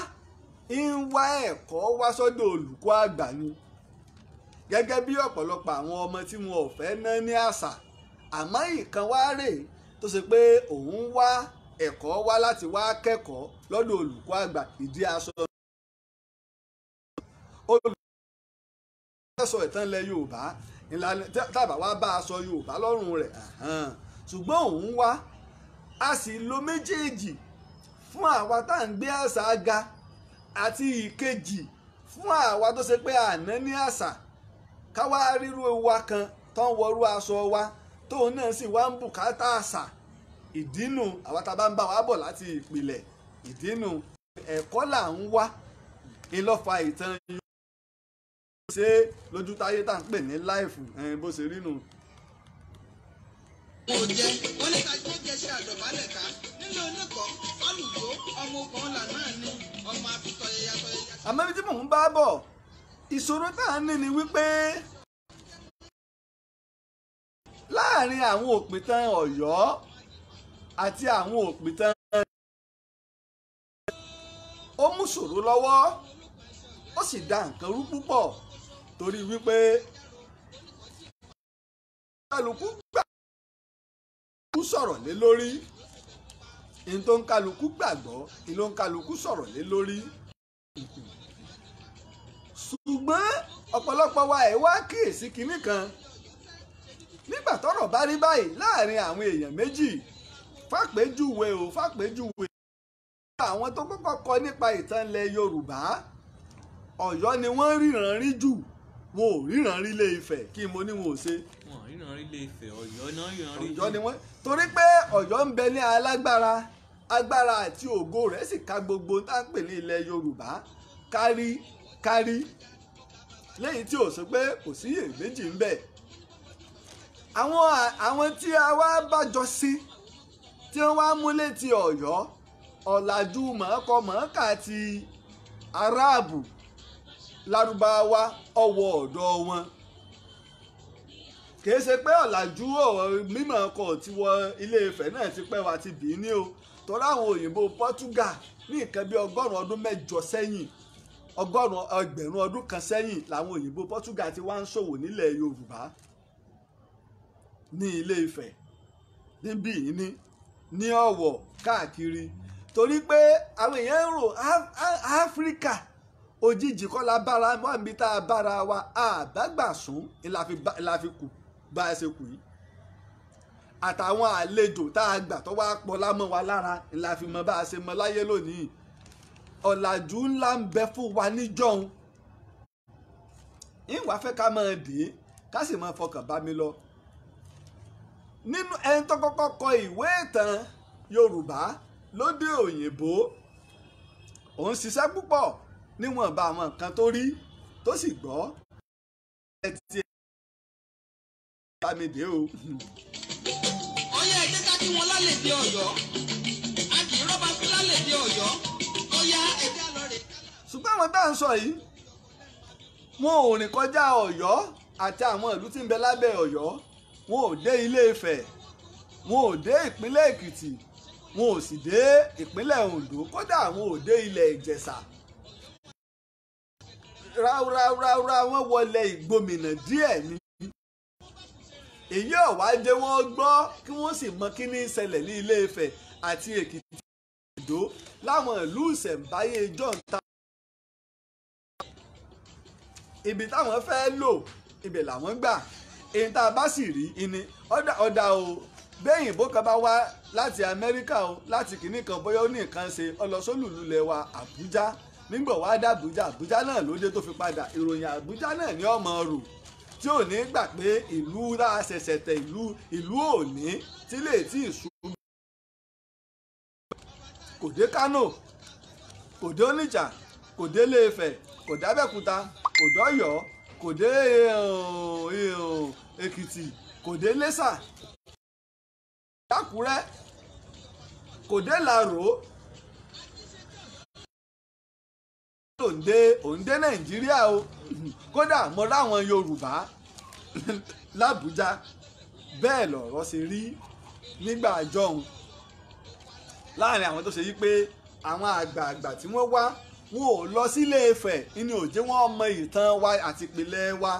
ń wá ẹ̀kọ́ wá sọ́dọ̀ olùkọ́ àgbà ni gẹ́gẹ́ bí ọ̀pọ̀lọpọ̀ àwọn ọmọ tí wọn ò fẹ́ ná ní àṣà àmọ́ ìkan wá rè tó ṣe pé òun wá ẹ̀kọ́ wá láti wá kẹ́kọ̀ọ́ lọ́dọ̀ olùkọ́ àgbà ìdí aṣọ olùsọ ìtàn ilẹ̀ yorùbá tàbá wá bá aṣọ yorùbá lọ́rùn rẹ̀ ṣùgbọ́n òun wá a sì lo méjèèjì fún àwa tá à ń gbé àṣà ga àti ìkejì fún àwa tó ṣe pé àná ní àṣà káwá ríru wa kan tó ń wọrú aṣọ wa tóun náà sì wá ń bùkátà àṣà ìdínú àwa tá a bá ń bá wa bọ̀ láti ìpìlẹ̀ ìdínú ẹ̀kọ́ là ń wá ìlọ́fà ìtàn yìí ṣe lójú táyé tá à ń pè ní láìfù bó ṣe rí nù. mo jẹ mo ní ká ṣe àdọ̀bálẹ̀ ká nínú oníkọ́ olùkọ́ ọmọ ogun ni ọmọ àfitọ́yẹyà tọ́yẹyà. àmọ́ ibi tí mò ń bá bọ̀ ìṣòro tá à ń ní ni wípé láàrin àwọn òpìtàn Ọ̀yọ́ àti àwọn òpìtàn ó mú ṣòro lọ́wọ́ ó sì da nǹkan rú púpọ̀ torí wípé kálukú gbà kú sọ̀rọ̀ lé lórí ní tó ń kálukú gbàgbọ́ ní ló ń kálukú sọ̀rọ̀ lé lórí ṣùgbọ́n ọ̀pọ̀lọpọ̀ wa ẹ̀ wá kíyèsí kinní kan nígbà tọ́rọ̀ bá rí báyìí láàrin àwọn èèyàn méjì fàpéjúwe o fàpéjúwe àwọn tó kọ́kọ́ kọ nípa ìtàn ilẹ̀ Yorùbá Ọ̀yọ́ ni wọ́n ríran rí jù wọn ò ríran rí lé Ifẹ̀ kí mo ní wọn ò ṣe. wọn ò ríran rí lé Ifẹ̀ Ọ̀yọ́ náà ríran rí jù. Ọ̀yọ́ ni wọ́n torí pé Ọ̀yọ́ ń bẹ ní alágbára agbára àti ògo rẹ̀ sì ka gbogbo tá à ń pè ní ilẹ̀ Yorùbá kárí kárí lẹ́yìn tí ò sọ pé kò sí èméjì ń bẹ àwọn àwọn tí a wá bájọ sí tí wọ́n wá mú létí Ọ̀yọ́ ọ̀làjú mọ̀ọ́kọ mọ̀ọ́kà ti aráàbù lárúbáwá ọwọ́ ọ̀dọ̀ wọn kìí ṣe pé ọ̀làjú ọ̀rọ̀ mímọ̀ ọkọ̀ ti wọ ilé Ifẹ̀ náà ti pẹ́ wá ti bì í ní o tọ́lá àwọn òyìnbó Portugal ní nǹkan bí ọgọ́rùn-ún ọdún mẹ́jọ sẹ́yìn ọgọ́rùn ẹgbẹ̀rún ọdún kan sẹ́yìn làwọn òyìnbó Portugal ti wá ń ṣòwò nílẹ̀ Yorùbá ní Ilé Ifẹ̀ níbí ní ní Ọ̀wọ̀ káàkiri torí pé àwọn èèyàn ń rò Áfíríkà òjijì kọ́ la bára wà níbi tá a bára wa àbágbà sùn la fi kù bá a ṣe kù yìí àtàwọn àlejò tá a gbà tó wá pọ̀ lámọ́ wa lára la fi mọ bá a ṣe mọ láyé lónìí ọ̀làjú ńlá ń bẹ fún wa níjọ́un ìwà fẹ́ ká máa dè é ká sì máa fọkàn bá mi lọ nínú ẹni tó kọ́kọ́ kọ ìwé ìtàn Yorùbá lóde òyìnbó òun ṣiṣẹ́ púpọ̀ níwọ̀nba àwọn nǹkan tó rí tó sì gbọ́ ẹ ti bá mi dè o. ọyá ẹ jẹ́ ká kí wọn lálẹ́ di Ọ̀yọ́ a kì í rọ́bà fún lálẹ́ di Ọ̀yọ́ ṣùgbọ́n àwọn tá à ń sọ yìí wọn ò rìn kọjá ọ̀yọ́ àti àwọn ìlú tí ń bẹ lábẹ́ ọ̀yọ́ wọn ò dé ilé ifẹ̀ wọn ò dé ìpínlẹ̀ èkìtì wọn ò sì dé ìpínlẹ̀ oǹdó kódà wọn ò dé ilẹ̀ ìjẹ̀ṣà ráúráúráúrá wọn wọlé ìgbòmìnà díẹ̀ ni èyí ọ̀wá jẹ́ wọ́n gbọ́ kí wọ́n sì mọ kí ní í ní ilé ifẹ̀ àti èkìtì Oǹdó láwọn ìlú ìṣẹ̀ǹbáyé jọ̀ǹta ibi táwọn fẹ́ lò ibẹ̀ làwọn gbà èyí tá a bá sì rí ni ọ̀dà o bẹ́yìn bó kan bá wá láti Amẹ́ríkà o láti kìíní kan bóyá ó ní nǹkan ṣe ọlọ́sọ́lùlulẹ̀ wa Àbújá nígbà wàá dá Àbújá Àbújá náà ló dé tó fi padà ìròyìn Àbújá náà ní ọmọ rò tí ò ní gbà pé ìlú ra ṣẹ̀ṣẹ̀ tẹ̀ ìlú ìlú òní tí lè tí ì sùn kò dé Kánò kò dé Onitsha kò dé Ilé-Ifẹ̀ kò dábẹ́kúta kò dọ́yọ̀ kò dé eh, eh, oh, Èkìtì kò dé Iléṣà lákùrẹ́ kò dé làrò òun dé Nàìjíríà o kódà mo ráwọn Yorùbá l'Àbújá bẹ́ẹ̀ lọ̀rọ̀ ṣe rí nígbà àjọhùn láàrin àwọn tó ṣe yí pé àwọn àgbààgbà tí wọ́n wá wọn ò lọ sílé Ifẹ̀ inú òjé wọn mọ ìtàn wa àti ìpìlẹ̀ wa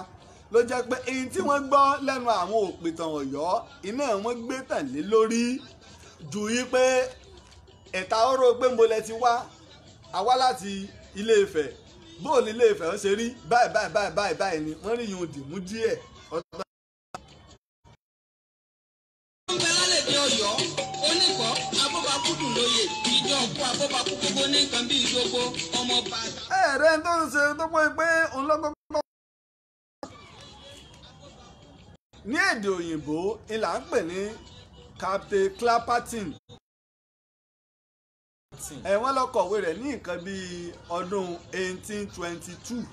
ló jẹ́ pé èyí tí wọ́n gbọ́ lẹ́nu àwọn òpìtàn Ọ̀yọ́ iná wọn gbé tẹ̀lé lórí ju yí pé ẹ̀ta ọ̀rọ̀ pé mo lẹ ti wá àwa láti ilé Ifẹ̀ bóò ní ilé Ifẹ̀ ń ṣe rí báyìí báyìí báyìí báyìí báyìí ni wọ́n rí yun dìmú díẹ̀ ọ̀tọ̀ kúdùn lóye ìjọ òkú abọ́bakú gbogbo ní nǹkan bíi ìdógó ọmọ bá. ẹ̀ẹ́dẹ́ tó ń ṣe tó pé pé òun ní èdè òyìnbó ìlà ń pè ní Captain Clapperton ẹ̀wọ́n lọ kọ̀wé rẹ̀ ní nǹkan bíi ọdún 1822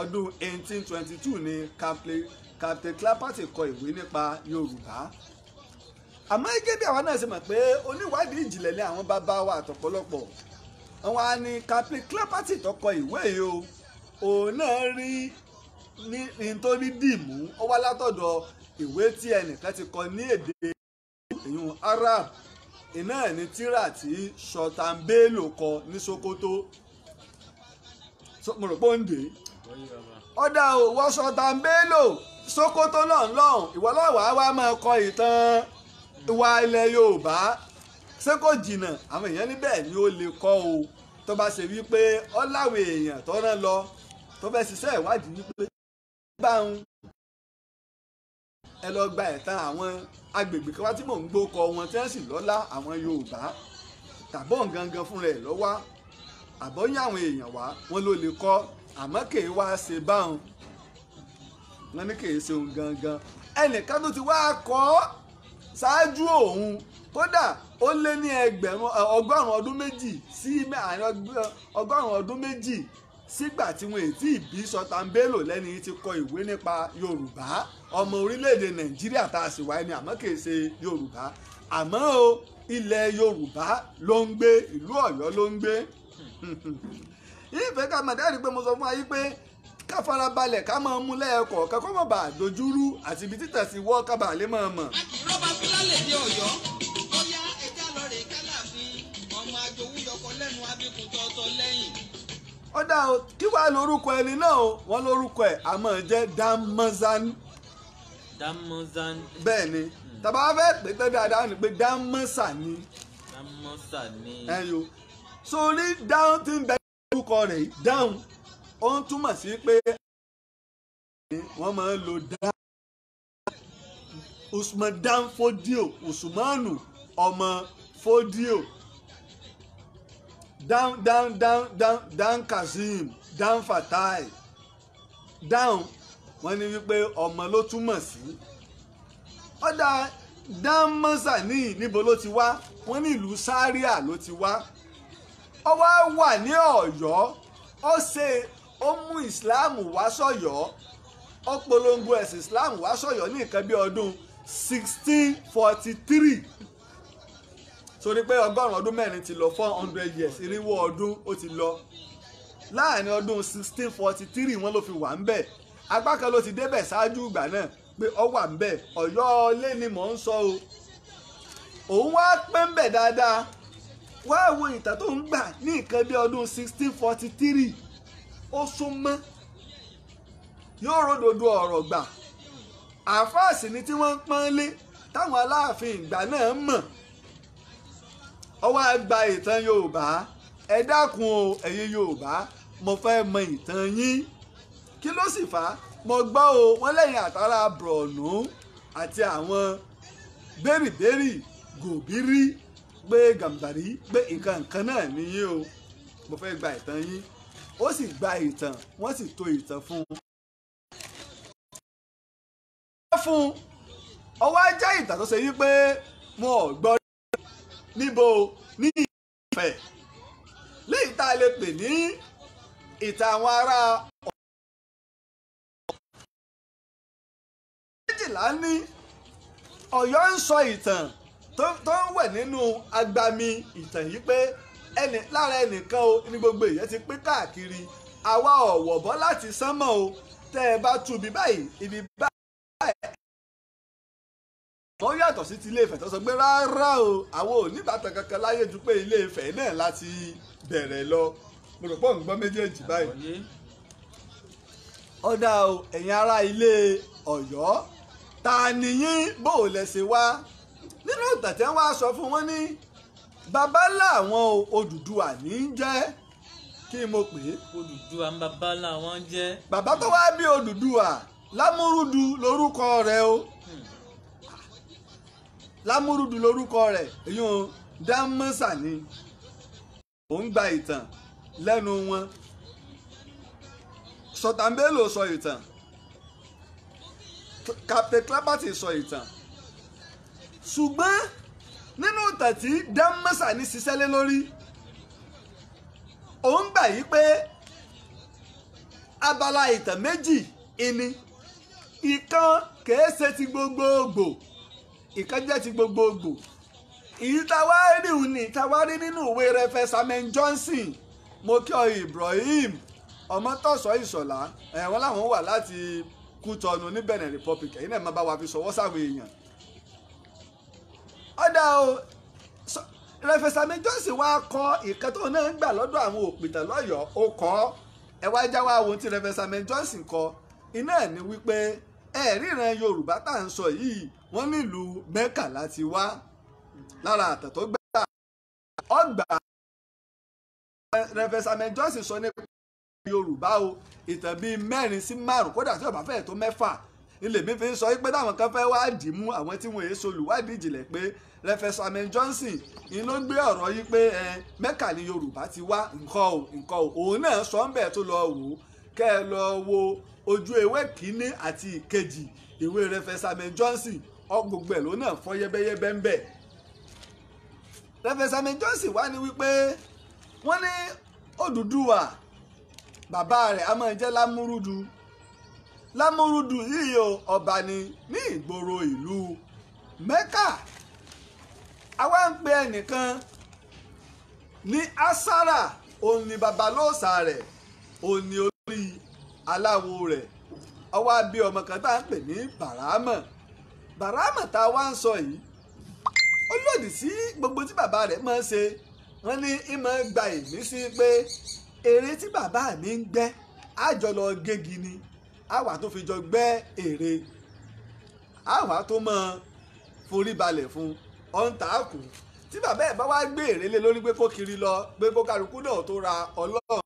ọdún 1822 ni Captain Clapperton kọ ìwé nípa Yorùbá àmọ́ gẹ́gẹ́ bí àwa náà ṣe mọ̀ pé oníwádìí ìjìnlẹ̀ ni àwọn bàbá wa àtọ̀pọ̀lọpọ̀ àwọn àni Captain Clapperty tó kọ ìwé yìí o òun náà rí ní tó dìmú ó wá látọ̀dọ̀ ìwé tí ẹnìkan ti kọ ní èdè ìyún Arab iná ẹ̀ ní tíra tí Sultan kọ ní Sokoto mo rò pé ó ń dè é ọ̀dà ò wọ Sultan Bello Sokoto lọ́nlọ́n ìwọ́lọ́wàá máa kọ ìtàn ìwà ilẹ̀ yorùbá ṣé kò jìnnà àwọn èèyàn níbẹ̀ ni ó lè kọ́ o tó bá ṣe wípé ọ̀làwọ̀ èèyàn tó rán lọ tó fẹ́ ṣiṣẹ́ ìwádìí wípé bá ń ẹ lọ gba ẹ̀tàn àwọn agbègbè kan wá tí mò ń gbókọ wọn tí wọ́n sì lọ́lá àwọn yorùbá tàbọ̀ gangan fúnra ẹ̀ lọ́wọ́ àbọ̀yìn àwọn èèyàn wá wọn ló lè kọ́ àmọ́ kì í wá ṣe báwọn wọn ní kì í ṣe òun gangan ẹnìkan tó ti wá kọ́ ọ́ ṣáájú òun kódà ó lé ní ẹgbẹ̀rún ọgọ́rùn ọdún méjì sí ọgọ́rùn ọdún méjì sígbà tí wọn ètí ìbí Sultan Bello lẹ́ni tí kọ ìwé nípa Yorùbá ọmọ orílẹ̀-èdè Nàìjíríà tá a sì wáyé ni àmọ́ kìí ṣe Yorùbá àmọ́ o ilẹ̀ Yorùbá ló ń gbé ìlú Ọ̀yọ́ ló ń gbé ìfẹ́ ká mọ̀ dáàrí pé mo sọ fún wa pé ká farabalẹ̀ ká máa mú lẹ́ẹ̀kọ̀ ká mọ̀ bá dojúrú àti ibi títà sí wọ́ ká bàa lè máa mọ̀. lọ́ba fílàlẹ̀ ní ọ̀yọ́ ó yá ẹja lọ rè kálàfin ọmọ àjòwú lẹ́nu abíkú tọ́tọ́ lẹ́yìn. ó dá o kí wàá lórúkọ ẹni náà o wọ́n lórúkọ ẹ̀ àmọ́ jẹ́ Damazan. Damazan. bẹ́ẹ̀ ni hmm. tàbá fẹ́ pé pé dáadáa ni pé Damosa ni. Damosa ni. ẹ yo sórí dáhùn ti ń bẹ ó ń túmọ̀ sí pé wọ́n máa ń lo dá usman dan fodio usmanu ọmọ fodio dan dan dan dan dan kazeem dan fatai dan wọ́n ní wípé ọmọ ló túmọ̀ sí ọ̀dà dan mọ́sánì níbo ló ti wá wọ́n ní ìlú sáríà ló ti wá ó wá wà ní ọ̀yọ́ ó ṣe ó mú ìsìláàmù wá sọ́yọ́ polongo ẹ̀sìn wá ní nǹkan bí ọdún sixteen torí pé ọgọ́rùn ọdún mẹ́rin ti lọ 400 years irinwó ọdún ó ti lọ láàrin ọdún sixteen forty fi wà ń bẹ̀ apá kan ti ṣáájú ìgbà náà pé ọ wà ń bẹ̀ ọ̀yọ́ lé ni mò ń sọ o òun wá pẹ́ ó súnmọ́ yóò ródòdó ọ̀rọ̀ gbà àáfàá ni tí wọ́n ń pọ́n lé táwọn aláàfin ìgbà náà mọ̀ ọwọ́ àgbà ìtàn yorùbá ẹ dákun o ẹ̀yin yorùbá mo fẹ́ mọ ìtàn yín kí ló sì fà á mo gbọ́ o wọ́n lẹ́yìn àtàrà bùrọ̀nù àti àwọn bẹ́rìbẹ́rì gòbírí gbé gàmbàrí gbé nǹkan nǹkan náà nìyí o mo fẹ́ gba ìtàn yín ó sì gba ìtàn wọ́n sì to ìtàn fún un. fún ọwọ́ ajá ìtàn tó ṣe yí pé wọn ò gbọ́ níbo ní Ifẹ̀ léyìí tá a lè pè ní ìtàn àwọn ará ọ̀hún. méjìlá ní Ọ̀yọ́ ń sọ ìtàn tó ń wẹ̀ nínú agbami ìtàn yìí pé ẹnì lára ẹnìkan o ní gbogbo èèyàn ti pín káàkiri àwa ọ̀wọ̀ bọ́ láti sánmọ̀ o tẹ́ ẹ bá tú ibi báyìí ibi báyìí wọ́n yàtọ̀ sí ti ilé tó sọ pé rárá o àwọn oníbàtàn kankan láyé ju pé ilé Ifẹ̀ náà láti bẹ̀rẹ̀ lọ mo rò pọ̀ ń gbọ́ méjèèjì báyìí ọ̀dà o ẹ̀yin ará ilé Ọ̀yọ́ ta nìyí bó o lẹ̀ ṣe wá nínú ìtàn tí sọ fún wọn ní bàbá làwọn Odùduwà ní í jẹ́ kí mo pè é. Odùduwà ń bàbá làwọn jẹ́. bàbá tó wá bí Odùduwà Lámúrúdu lórúkọ rẹ̀ o Lámúrúdu lórúkọ rẹ̀ èyí ò dámọ́sà ni ò ń gba ìtàn lẹ́nu wọn sọtàmbélò sọ ìtàn Captain Clapperton sọ ìtàn ṣùgbọ́n nínú ìtàn tí dámọ́sà ní ṣiṣẹ́ lé lórí òun gbà yí pé abala ìtàn méjì ìní ìkan kìí ṣe ti gbogbogbò ìkan jẹ́ ti gbogbogbò èyí táwa rí òní nínú ìwé rẹfẹ Samuel Johnson mokio Ibrahim ọmọtọ̀sọ ìṣọ̀lá ẹ̀wọ̀n làwọn wà láti Kútọ̀nù ní Benin Republic ẹ̀yin náà máa bá wa fi sọwọ́ sáwọn èèyàn ọ̀dà o rẹfẹsà mi jọ́sìn wá kọ ìkan tó náà ń gbà lọ́dọ̀ àwọn òpìtàn lọ́yọ̀ọ́ ó kọ́ ẹ wá já wá wo tí rẹfẹsà mi jọ́sìn kọ iná ẹ̀ ni wípé ẹ̀ẹ́ríran yorùbá tá à ń sọ yìí wọ́n nílùú mẹ́kà láti wá lára àtàn tó gbà ọgbà rẹfẹsà mi jọ́sìn sọ nípa yorùbá o ìtàn bíi mẹ́rin sí márùn kódà tí ọba fẹ́ẹ̀ tó mẹ́fà ilé mi fi ń sọ pé táwọn kan fẹ́ wá dì mú àwọn tí wọ́n èso olùwádìí ìjìnlẹ̀ pé Reverend Johnson ni ló gbé ọ̀rọ̀ yìí pé Mẹ́kà ni Yorùbá ti wá nǹkan o nǹkan o òun náà sọ ń bẹ̀ tó lọ wò ó kẹ́ ẹ lọ wo ojú ewé kínní àti ìkejì ìwé Reverend Johnson ọgbogbo ẹ̀ ló náà fọ́ yẹ́bẹ́yẹ́bẹ́ ń bẹ̀. Reverend Johnson wá ní wípé wọ́n ní Odùduwà bàbá rẹ̀ a máa jẹ́ Lámúrúdu Lámúrúdu yìí o ọba ni ní ìgboro ìlú Mẹ́kà àwa ń pe ẹnìkan ní asara òun ni babalóòsà rẹ̀ òun ni olórí aláwo rẹ̀ ọwọ́ abẹ́ ọmọ kan tá ń pè ní bàrámọ̀ bàrámọ̀ tá a wá ń sọ yìí ó lòdì sí gbogbo tí bàbá rẹ̀ máa ń ṣe wọ́n ní ìmọ̀ gba ìmísí pé èrè tí bàbá mi ń gbẹ́ àjọlọ gégi ni àwa tó fi jọ gbẹ́ èrè àwa tó mọ forí balẹ̀ fún un ọ̀ǹtàkùn tí bàbá ẹ̀ bá wá gbé èrèlé lórí pé kó kiri lọ pé kó kálukú náà tó ra ọlọ́run.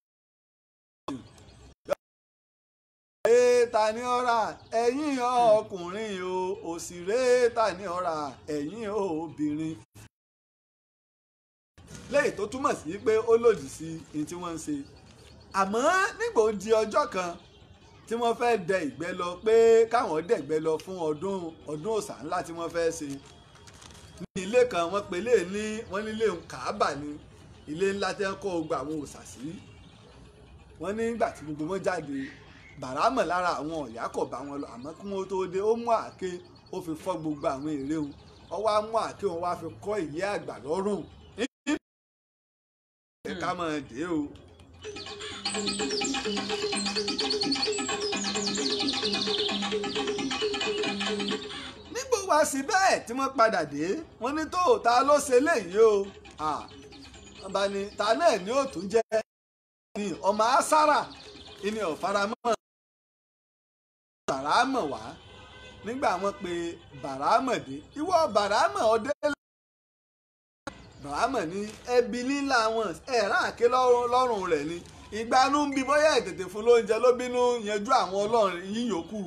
ta ní ọ̀rà ẹ̀yìn ọkùnrin o òsìrè ta ní ọ̀rà ẹ̀yìn obìnrin. léyìí tó túmọ̀ sí pé ó lòdì sí ní tí wọ́n ń ṣe àmọ́ nígbò di ọjọ́ kan tí wọ́n fẹ́ dẹ ìgbẹ́ lọ pé káwọn dẹ̀gbẹ́ lọ fún ọdún ọdún òòṣà ńlá tí wọ́n fẹ́ ṣe ní ilé kan wọ́n pe lé ní wọ́n nílé kàábà ni ilé ńlá tẹ́ ń kọ́ gba àwọn òṣàṣì wọ́n ní nígbà tí gbogbo wọn jáde bàrámọ̀ lára àwọn ọ̀yá kọ̀ bá wọn lọ àmọ́ kí wọ́n tó dé ó mú àáké ó fi fọ́ gbogbo àwọn ère o ó wá mú àáké wọn wá fi kọ́ ìyá àgbà lọ́rùn ká máa dé o. thank you síbẹ̀ tí wọ́n padà dé wọ́n ní tó ta ló ṣe léyìí o wọ́n bá ní ta náà ni ó tún jẹ́ ní ọmọ asara ìní ọ̀faramọ́ bàrámọ̀ wá nígbà wọ́n pe bàrámọ̀ dé ìwọ bàrámọ̀ ọdẹ bàrámọ̀ ní ẹbí líla wọn ẹ̀rá àké lọ́rùn rẹ̀ ni ìgbanú ń bi bóyá ètètè fún lóúnjẹ ló bínú yanjú àwọn ọlọ́run yíyókù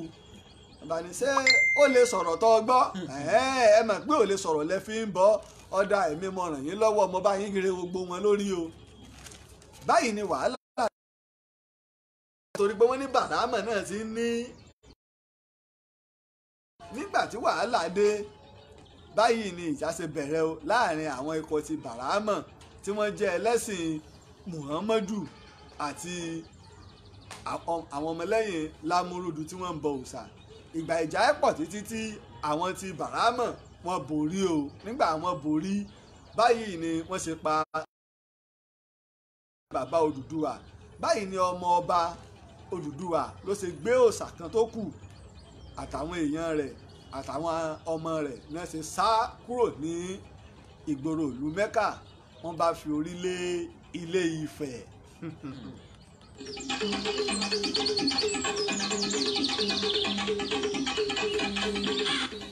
ìbàní ṣé ó lè sọ̀rọ̀ tó gbọ́ ẹ mọ̀ pé ò lè sọ̀rọ̀ lẹ fi ń bọ́ ọ̀dà ẹ̀mí mo ràn yín lọ́wọ́ mo bá yín kiri gbogbo wọn lórí o báyìí ni wàhálà torí pé wọ́n ní bàdámọ̀ náà ti ní nígbà tí wàhálà dé báyìí ni ìjà ṣe bẹ̀rẹ̀ o láàrin àwọn ikọ̀ ti bàrámọ̀ tí wọ́n jẹ́ ẹlẹ́sìn muhammadu àti àwọn ọmọlẹ́yìn lámúrúdù tí wọ́n ń bọ òòṣà ìgbà ìjà ẹ̀ pọ̀ títí tí àwọn ti bàrámọ̀ wọn borí o nígbà wọn borí báyìí ni wọ́n ṣe pa bàbá Odùduwà báyìí ni ọmọ ọba Odùduwà ló ṣe gbé òòṣà kan tó kù àtàwọn èèyàn rẹ̀ àtàwọn ọmọ rẹ̀ náà ṣe sá kúrò ní ìgboro ìlú Mẹ́kà wọ́n bá fi orí lé Ilé Ifẹ̀.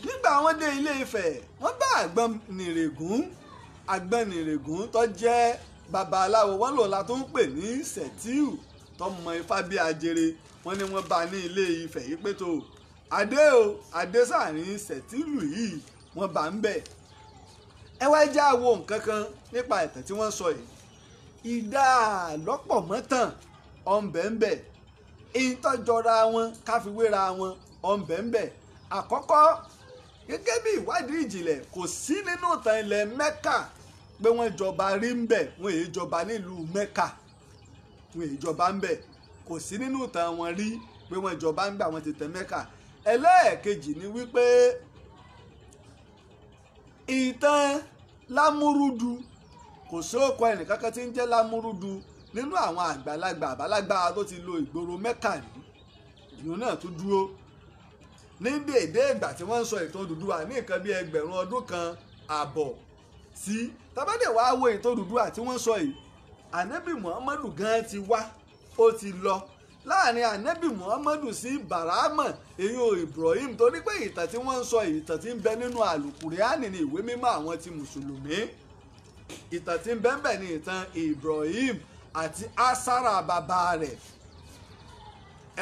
nígbà wọ́n dé ilé Ifẹ̀ wọ́n bá àgbọn nìrègún àgbọn nìrègún tó jẹ́ babaláwo wọn lòlá tó ń pè ní Sẹ̀tíù tọmọ ifá bíi ajere wọ́n ní wọ́n bá ní ilé Ifẹ̀ yìí pé tó adé o adé sàárín Sẹ̀tíù yìí wọ́n bá ń bẹ̀ ẹ wá jẹ́ àwo nǹkan kan nípa ìtàn tí wọ́n sọ yìí ìdá lọ́pọ̀ mọ́tàn ọ̀nbẹ̀ǹbẹ̀ ìtọ́jọra wọn káfiwéra wọn ọ̀nbẹ̀ǹbẹ̀ àkọ́kọ́ gẹ́gẹ́ bí ìwádìí ìjìnlẹ̀ kò sí nínú ìtàn ilẹ̀ mẹ́kà pé wọ́n jọba rí ń bẹ̀ wọ́n èyí jọba nílùú mẹ́kà wọ́n èyí jọba ń bẹ̀ kò sí nínú ìtàn wọn rí pé wọ́n jọba ń bẹ̀ àwọn ti tẹ̀ mẹ́kà ẹlẹ́ẹ̀kejì ni wípé ìtàn lámúrúdu kò sóòkọ ẹnìkankan tí ń jẹ́ lámúrúdu nínú àwọn àgbàlagbà àbálágbà tó ti lo ìgboro mẹ́kà rí ìyún náà tún dúró ní déédé ìgbà tí wọ́n ń sọ ìtàn Odùduwà ní nǹkan bí ẹgbẹ̀rún ọdún kan àbọ̀ sí tábàdé wàá wo ìtàn Odùduwà tí wọ́n sọ yìí ànábì Muhammadu gan ti wá ó ti lọ láàrin ànábì muhammadu sí si barama èyàn ibrahim torí pé ìtàn tí wọ́n ń sọ ìtàn tí ń bẹ nínú àlùkùrẹ́ánì ní ìwé mímọ́ àwọn ti mùsùlùmí ìtàn tí ń bẹ́ẹ̀ bẹ́ẹ̀ ni ìtàn ibrahim àti asara bàbá rẹ̀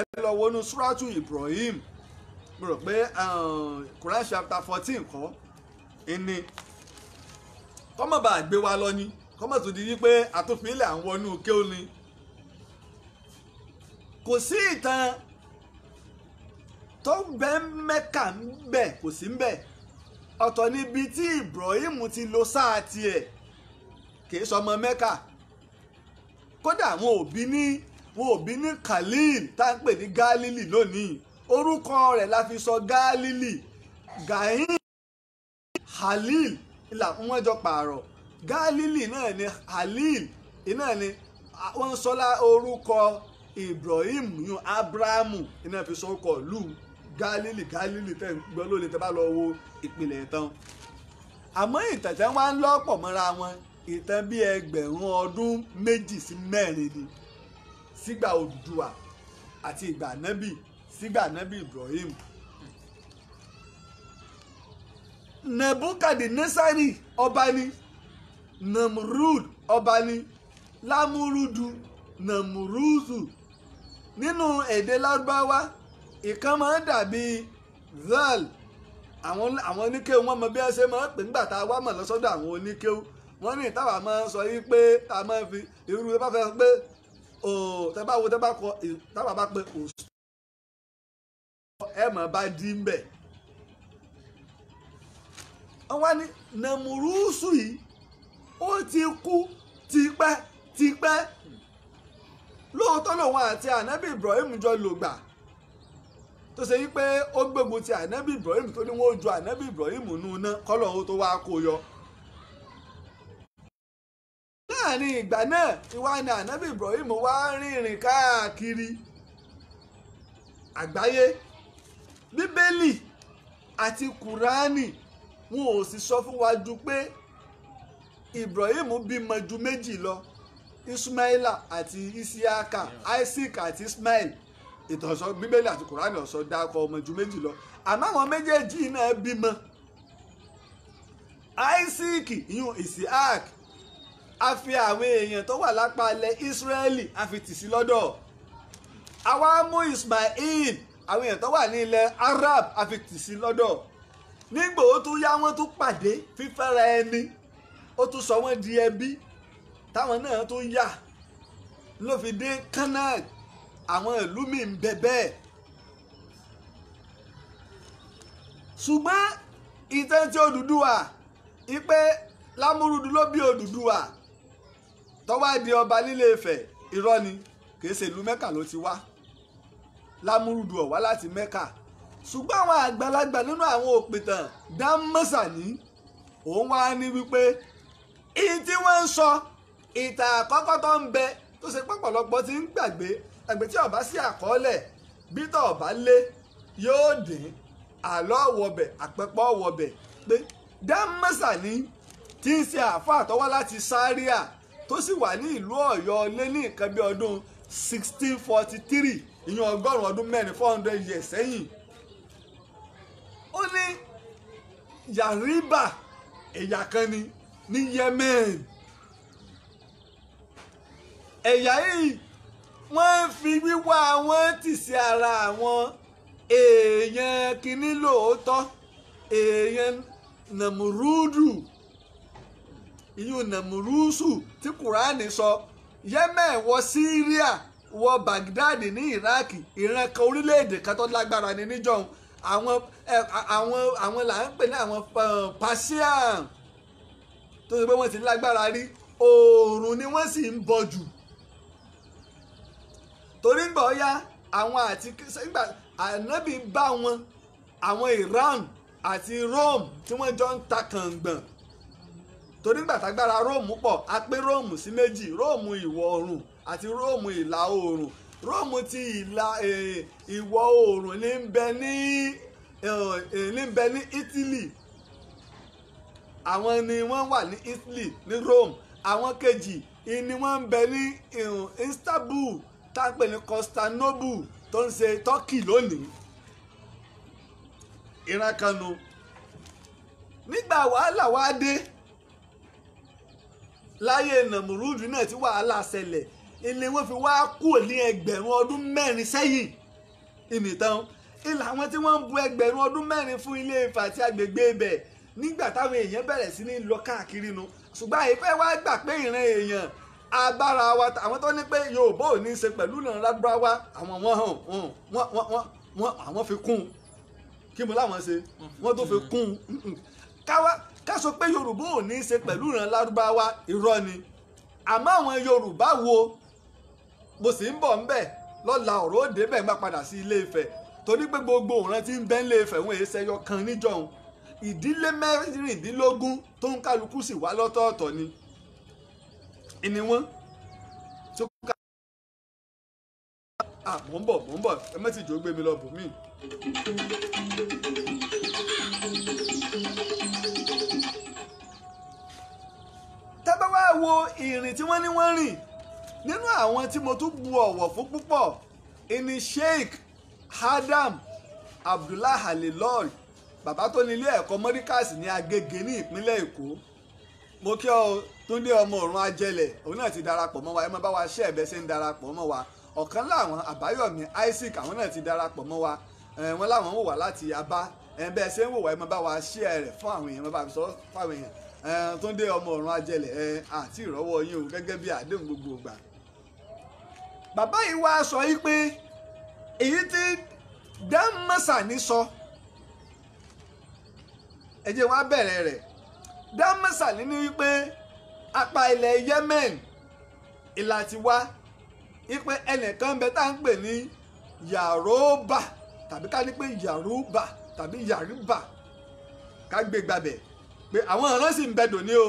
ẹ lọ wọnú suratu Ibrahim mo rò pé um, Quran chapter fourteen kọ́ ẹni kọ́mọ̀ bá gbé wa lọ ni kọ́mọ̀ tó di wípé àtúnfilẹ̀ à ń wọnú kéwòn ni kò sí ìtàn tó ń bẹ ń bẹ kò sí ń bẹ ọ̀tọ̀ níbi tí Ibrahim ti lo sáà tiẹ̀ kì í sọmọ Mẹ́kà kódà àwọn òbí ní wọn òbí ní Khalil tá à ń pè ní Galili lónìí orúkọ rẹ̀ la fi sọ Galili gahim Halil ìlà wọn jọ pààrọ̀ Galili náà ni Halil iná ni wọ́n sọ lá orúkọ Ibrahim yun Abrahamu iná fi sọ orúkọ ìlú Galili Galili tẹ̀ ń gbọ́ lónìí tẹ́ bá lọ wo ìpìlẹ̀ tán àmọ́ ìtẹ̀tẹ̀ wọn lọ́pọ̀ mọ́ra wọn ìtàn bíi ẹgbẹ̀rún ọdún méjì sí mẹ́rin ni sígbà Odùduwà àti ìgbà nábì sígbà nábì Ibrahim Nebukadnesari ọba ni Namrud ọba ni Lámúrúdu Namruzu nínú èdè Lárúbáwá ìkan máa ń dàbí zel àwọn oníkéwu wọn mọ bí wọn ṣe máa ń pè ńgbà tá a wá mọ̀ lọ́sọ́dọ̀ àwọn oníkéwu wọ́n ní táwa máa ń sọ yí pé táwa máa ń fi irú ẹ bá fẹ́ pé tẹ́bá wo tẹ́bá kọ táwa bá pé òṣù ẹ mọ̀ bá dí ń bẹ̀. wọ́n wá ní nàmúrúsù yìí ó ti kú tipẹ́ tipẹ́ lóòótọ́ lòun àti ànábì Ibrahim jọ lògbà tó ṣe yí pé ó gbógun ti ànábì Ibrahim tó ní wọ́n ó ju ànábì Ibrahim nù ná kọ́lọ̀ ó tó wá kó yọ láàrin ìgbà náà ìwà ni ànábì Ibrahim wá rìnrìn káàkiri àgbáyé bíbélì àti kùránì wọn ò sì sọ fún wa ju pé Ibrahim bímọ ju méjì lọ Ismaila àti Isiaka Isaac àti Ismail ìtọ̀sọ bíbélì àti kùránì ọ̀sọ dákọ ọmọ ju méjì lọ àmọ́ àwọn méjèèjì náà bímọ Isaac ìyún Isiaka a fi àwọn èèyàn tó wà lápá ilẹ̀ Ísírẹ́lì a fi tì sí lọ́dọ̀ àwa mú Ismail àwọn èèyàn tó wà ní ilẹ̀ Arab a fi tì sí lọ́dọ̀ nígbà ó tún yá wọ́n tún pàdé fífẹ́ra ẹni ó tún sọ wọ́n di ẹbí táwọn náà tún yà ló fi dé Canaan àwọn ìlú mi ń bẹ bẹ́ẹ̀ ṣùgbọ́n ìtẹ́ntí Odùduwà ipe lámúrúdú ló bí Odùduwà tó wá di ọba nílé Ifẹ̀ irọ́ ni kìí ṣe ìlú Mẹ́kà ló ti wá lámúrúdù ọ̀wá láti Mẹ́kà ṣùgbọ́n àwọn àgbàlagbà nínú àwọn òpìtàn dámọ́sàní òun wá ní wípé iye tí wọ́n ń sọ ìtà àkọ́kọ́ tó ń bẹ tó ṣe pọ̀pọ̀lọpọ̀ ti ń gbàgbé àgbẹ̀ tí ọba sí àkọọ́lẹ̀ bí tọ̀ ọba lé yóò dín àlọ́ wọbẹ̀ àpẹpọ́ wọbẹ̀ pé dámọ́sàní tí ń ṣe àáfàá tó wá láti sáríà tó sì wà ní ìlú ọ̀yọ́ lé ní nǹkan bí ọdún sixteen forty three ìyẹn ọgọ́rùn-ún ọdún mẹ́rin four hundred years sẹ́yìn ó ní yàrìbà ẹ̀yà kan ni ní yemen ẹ̀yà yìí wọ́n ń fi wíwá wọn tì sí ara àwọn èèyàn kìíní lóòótọ́ èèyàn nàmúrúdù. E ìyún nàmúrúsù tí kùránì sọ yemen wọ síríà wọ baghdad ní iraq ìran kan orílẹ̀-èdè kan tó lágbára ní níjọ́un àwọn àwọn àwọn là ń pè ní àwọn persian tó ṣe pé wọ́n ti lágbára rí oòrùn ni wọ́n sì ń bọ jù torí gbọ́ ya àwọn àti nígbà ànábì bá wọn àwọn iran àti rome tí wọ́n jọ ń ta kàngbọ̀n torí gbàtàgbára róòmù pọ̀ a pín róòmù sí méjì róòmù ìwọ̀ oòrùn àti róòmù ìlà oòrùn róòmù ti ìlà e, ìwọ̀ oòrùn ní ń bẹ ní e, e, ní ń bẹ ní Italy àwọn ni wọ́n wà ní Italy ní Rome àwọn kejì ni wọ́n ń bẹ ní Istanbul tápẹ̀ ní Constantinople tó ń ṣe Turkey lónìí ìran kanu nígbà wàhálà wá dé láyé nàmúrúdù náà tí wàhálà ṣẹlẹ̀ ilé wọn fi wá kú ní ẹgbẹ̀rún ọdún mẹ́rin sẹ́yìn ìnìtàn ilà àwọn tí wọ́n ń bu ẹgbẹ̀rún ọdún mẹ́rin fún ilé Ifá àti agbègbè ibẹ̀ nígbà táwọn èèyàn bẹ̀rẹ̀ sí ní lọ káàkiri nu ṣùgbọ́n àyífẹ́ wá gbà pé ìran èèyàn agbára wa àwọn tó ní pé Yorùbá ò ní í ṣe pẹ̀lú ìran ládùúráwá àwọn wọn hàn wọn wọn wọn àwọn fi kún un kí mo láwọn ṣe wọn tó fi kún un káwá ká sọ pé yorùbá ò ní í ṣe pẹ̀lú ìran lárúbáwá irọ́ ni àmọ́ àwọn yorùbá wo mo sì ń bọ̀ ńbẹ̀ lọ́la ọ̀rọ̀ òde bẹ́ẹ̀ má padà sí ilé Ifẹ̀ torí pé gbogbo òran tí ń bẹ ńlé Ifẹ̀ wọn èé ṣẹyọ kan níjọ̀hún ìdílé mẹ́rìndínlógún tó ń kálukú sì wá lọ́tọ̀ọ̀tọ̀ ni ìní wọn tó ká. à ah, mò ń bọ̀ mò ń bọ̀ ẹ mẹ́tìjọ́ gbé mi lọ bùnmí. wá wo ìrìn tí wọ́n ní wọ́n rìn nínú àwọn tí mo tún bu ọ̀wọ̀ fún púpọ̀ ìní Sheikh Adam Abdullah Halilor bàbá tó ní ilé ẹ̀kọ́ Mọ́ríkàs ní Agége ní ìpínlẹ̀ Èkó mo kí ọ Túndé ọmọ òrùn ajẹlẹ̀ òun náà ti darapọ̀ mọ́ wa ẹ má bá wa ṣe ẹ̀bẹ̀ ṣe ń darapọ̀ mọ́ wa ọ̀kan láwọn Àbáyọ̀mí Isaac àwọn náà ti darapọ̀ mọ́ wa wọn láwọn wò wá láti Abá ẹ bẹ́ẹ̀ ṣe ń wò wá ẹ má bá wa ṣe rẹ̀ fún àwọn èèyàn má bá fi sọ fún àwọn èèyàn Túndé ọmọ ọ̀run ajẹlẹ̀ àti ìrọ́wọ́ yín o gẹ́gẹ́ bí àdéhùn gbogbo ìgbà. bàbá yìí wá sọ yìí pé èyí tí Dánmọ́sàní sọ ẹ wa wá bẹ̀rẹ̀ rẹ̀ Dánmọ́sàní ní wípé apá ilẹ̀ Yemen ìlà ti wá wípé ẹnìkan bẹ tá à ń pè ní Yaroba tàbí ká ní pé Yaruba tàbí Yariba ká gbé gbàbẹ̀. pé àwọn ọ̀ràn sì ń bẹ dòní o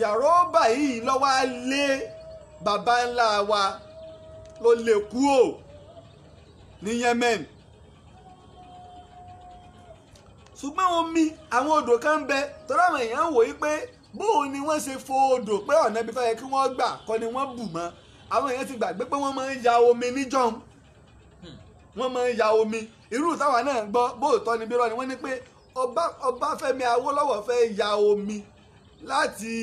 yàrá ọba yìí lọ́wọ́ á lé baba ńlá wa ló lè kú o ní Yemen ṣùgbọ́n omi àwọn odò kan ń bẹ tọ́lá àwọn èèyàn ń wòye pé bóun ni wọ́n ṣe fo odò pé ọ̀nà ibi fẹ́ẹ́ kí wọ́n gbà kọ́ ni wọ́n bù mọ́ àwọn èèyàn ti gbàgbé pé wọ́n máa ń ya omi níjọ́un hmm. wọ́n máa ń ya omi irú táwa náà ń gbọ́ bóòtọ́ ni bí rọ́ ni wọ́n ní pé Ọbáfẹ́mi Awólọ́wọ̀ fẹ́ ya omi láti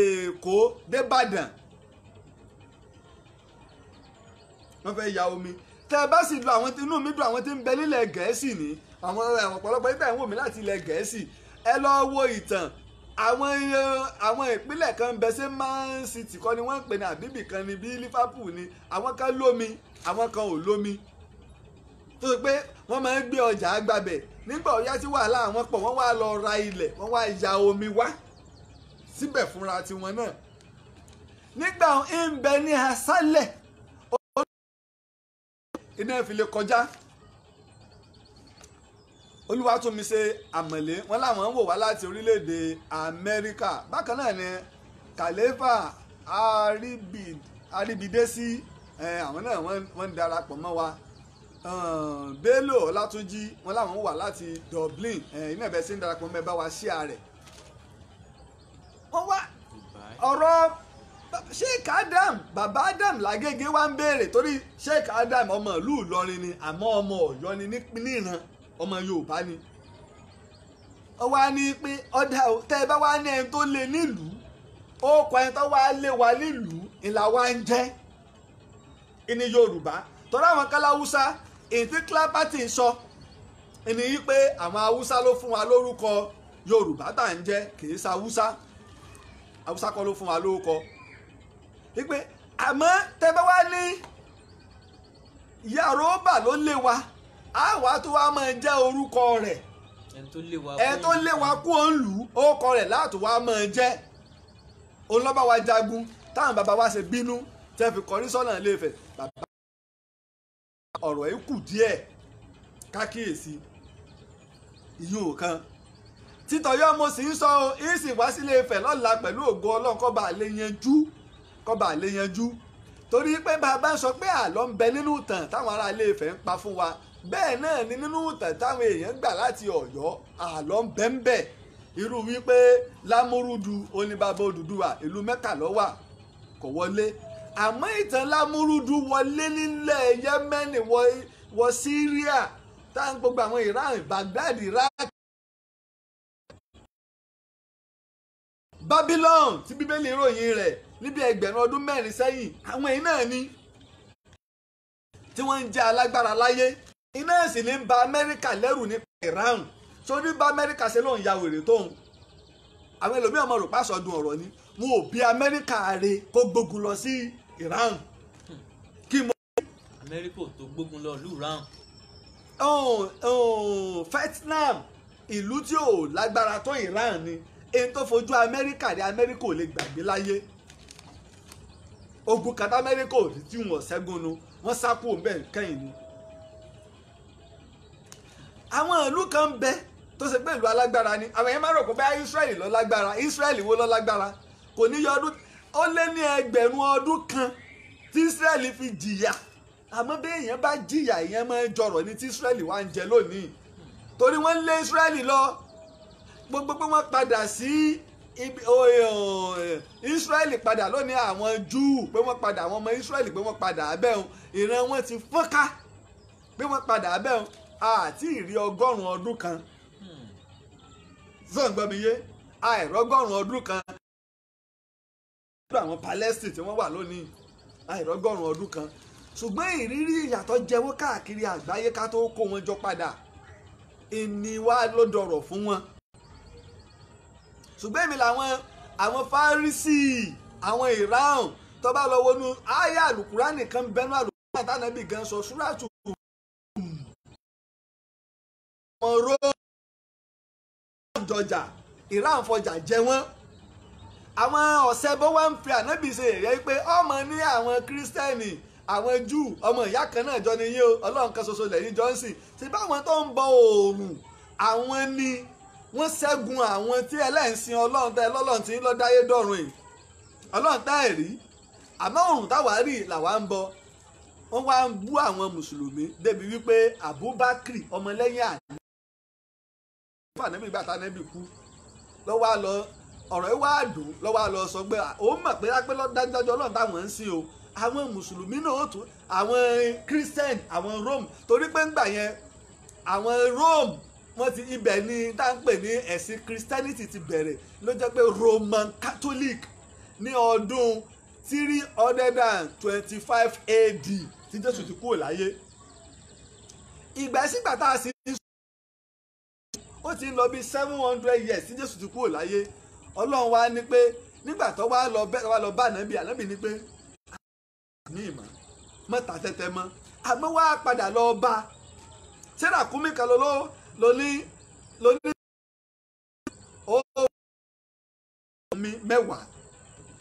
Èkó débàdàn wọ́n fẹ́ ya omi tẹ́ ẹ bá sì lu àwọn inú mi dùn àwọn tí ń bẹ nílẹ̀ Gẹ̀ẹ́sì ni àwọn ọ̀pọ̀lọpọ̀ nígbà ìwò mi láti ilẹ̀ Gẹ̀ẹ́sì ẹ lọ wo ìtàn àwọn àwọn ìpínlẹ̀ kan bẹ ṣé Man City kan ni wọ́n ń pè ní àbíbì kan ni bí Liverpool ni àwọn kan lómi àwọn kan ò lómi tó ṣe pé wọ́n máa ń gbé ọjà àgbàbẹ̀ nígbà ó yá sí wàhálà àwọn pọ̀ wọ́n wá lọ ra ilẹ̀ wọ́n wá ya omi wá síbẹ̀ fúnra tiwọn náà nígbà ń bẹ ní asálẹ̀ iná fi lè kọjá olúwatómi ṣe àmọ̀lé wọn làwọn ń wò wá láti orílẹ̀-èdè amẹ́ríkà bákan náà ni kàlẹ́fà àríbìdésí àwọn náà wọ́n darapọ̀ mọ́ wa Bello Ọlátúnjí wọn làwọn wà láti Dublin iná ẹ̀bẹ̀ sí ń darapọ̀ mẹ́ẹ̀ bá wa ṣí ààrẹ. wọ́n wá ọ̀rọ̀ Sheikh Adam bàbá Adam lágége wá ń béèrè torí Sheikh Adam ọmọ ìlú Ìlọrin ni àmọ́ ọmọ Ọ̀yọ́ ni níran ọmọ Yorùbá ni wá ní pé ọ̀dà tẹ́ ẹ bá wá ní ẹni tó lé nílùú ó kọ ẹni tó wá lé wa nílùú ìlà wa ń jẹ́ ìní Yorùbá tọ́lá àwọn kálá Hausa èyí tí Clapperton sọ ni wípé àwọn haúsá ló fún wa lórúkọ yorùbá tá à ń jẹ́ kìí sa haúsá haúsá kọ́ ló fún wa lórúkọ wípé àmọ́ tẹ́ bá wá ní yorùbá ló lé wa àwa tó wá máa jẹ́ orúkọ rẹ̀ ẹ tó lé wa kú òun lù ó kọ rẹ̀ láti wá máa jẹ́ òun lọ́ba wa jagun táwọn bàbá wa ṣe bínú tẹ́ fi kọrí sọ́nà ilé Ifẹ̀ bàbá ọ̀rọ̀ yìí kù díẹ̀ kákíyèsí ìyún kan títọ́yọ́ mo sì ń sọ ọ́ ń sì wá sílé Ifẹ̀ lọ́la pẹ̀lú ògo Ọlọ́run kọ́ba àlè yanjú kọ́ba àlè yanjú torí pé bàbá sọ pé àlọ́ ń bẹ nínú ìtàn táwọn ará ilé Ifẹ̀ ń pa fún wa bẹ́ẹ̀ náà ni nínú ìtàn táwọn èèyàn gbà láti Ọ̀yọ́ àlọ́ ń bẹ ń bẹ irú wípé Lámúrúdu oníbàbá Odùduwà ìlú Mẹ́kà ló wà kò wọlé àmọ́ ìtàn lámúrúdú wọlé nílẹ̀ yẹ́mẹ́nì wọ síríà táwọn gbogbo àwọn iran baghdad iraq babylon tí bíbélì ròyìn rẹ̀ níbi ẹgbẹ̀rún ọdún mẹ́rin sẹ́yìn àwọn èyí náà ni tí wọ́n ń jẹ́ alágbára láyé iná sì ní ba amẹ́ríkà lẹ́rù nípa iran torí bá amẹ́ríkà ṣe lóun ya wèrè tóun àwọn ẹlòmíràn mọ̀ rò pàṣọdún ọ̀rọ̀ ni wọn ò bí amẹ́ríkà re kó gbógun lọ sí Iran kí mo. amẹ́ríkà tó gbógun lọ lù Iran. Oh, oh, Vietnam ìlú tí ò lágbára tó Iran ni èyí tó fojú amẹ́ríkà ní amẹ́ríkà ò lè gbàgbé láyé ogun kata amẹ́ríkà ò tí wọ́n ṣẹ́gun nu wọ́n sá kúrò ń bẹ̀ kẹ́yìn ni. àwọn ìlú kan ń bẹ tó ṣe pé ìlú alágbára ni àwọn yẹn máa rò pé báyà Israẹli lọ lágbára Israẹli wo lọ lágbára kò ní yọ ọdún ó lé ní ẹgbẹ̀rún ọdún kan tí Ísírẹ́lì fi jìyà àmọ́ béèyàn bá jìyà ìyẹn máa ń jọrọ̀ ní tí Ísírẹ́lì wá ń jẹ lónìí torí wọ́n lé Ísírẹ́lì lọ gbogbo pé wọ́n padà sí Ísírẹ́lì padà lónìí àwọn Júù pé wọ́n padà àwọn ọmọ Ísírẹ́lì pé wọ́n padà abẹ́ wọn ìran wọn ti fọ́nká pé wọ́n padà abẹ́ wọn àti ìrí ọgọ́rùn-ún ọdún kan zọ́ǹgbọ́n mi yé àìrọ́gọ́rùn-ún ọdún kan lọ́dọ̀ àwọn Palestine tí wọ́n wà lónìí àìrọ́gọ́rùn ọdún kan ṣùgbọ́n ìrírí ìyàtọ̀ jẹwọ́ káàkiri àgbáyé ká tó kó wọn jọ padà ìní wa ló dọ̀rọ̀ fún wọn. ṣùgbọ́n èmi làwọn àwọn fárísì àwọn ìráhùn tó bá lọ wọnú àyà àlùkùránì kan bẹnu àlùkùránì tánàbì gan sọ súràtù ọmọ róòmù ọjọjà ìráhùn fọjà jẹ wọn àwọn ọ̀sẹ̀ bó wá ń fi ànábì ṣe èrè pé ọmọ ní àwọn kírísítẹ́nì àwọn júù ọmọ ìyá kan náà jọ nìyí o ọlọ́run kan ṣoṣo lẹ́yìn johnson ti bá àwọn tó ń bọ oòrùn àwọn ni wọ́n ṣẹ́gun àwọn tí ẹlẹ́sìn ọlọ́run tẹ́ lọ́lọ́run tí ń lọ dáyé dọ̀run yìí ọlọ́run tá ẹ̀ rí àmọ́ òòrùn táwa rí làwa ń bọ wọ́n wá ń bú àwọn mùsùlùmí débi wípé abubakar ọmọlẹ́yìn àná fún ànábì gbàtà ànábì kú lọ́wọ́ àlọ́ ọ̀rọ̀ yìí wá dùn lọ́wọ́ àlọ́ sọ pé ó mọ̀ pé lápẹ́ dájúdájú ọlọ́run táwọn ń sìn o àwọn mùsùlùmí náà tún àwọn christian àwọn rome torí pé ńgbà yẹn àwọn rome wọ́n ti ibẹ̀ ni tá à ń pè ní ẹ̀sìn christianity ti bẹ̀rẹ̀ ló jẹ́ pé roman catholic ní ọdún three hundred and twenty-five AD tí jésù ti kúrò láyé ìgbà sígbà tá a sì ń sọ ó ti ń lọ bí seven hundred years tí jésù ti kúrò láyé ọlọ́run wá ní pé nígbà tó wá lọ bẹ́ẹ̀ wá lọ bá ànábì ànábì ní pé ní ìmọ̀ mọ́ta tẹ́tẹ́ mọ́ àmọ́ wá padà lọ bá ṣé ràkúnmí kan ló ló ní ló ní ó mi mẹ́wàá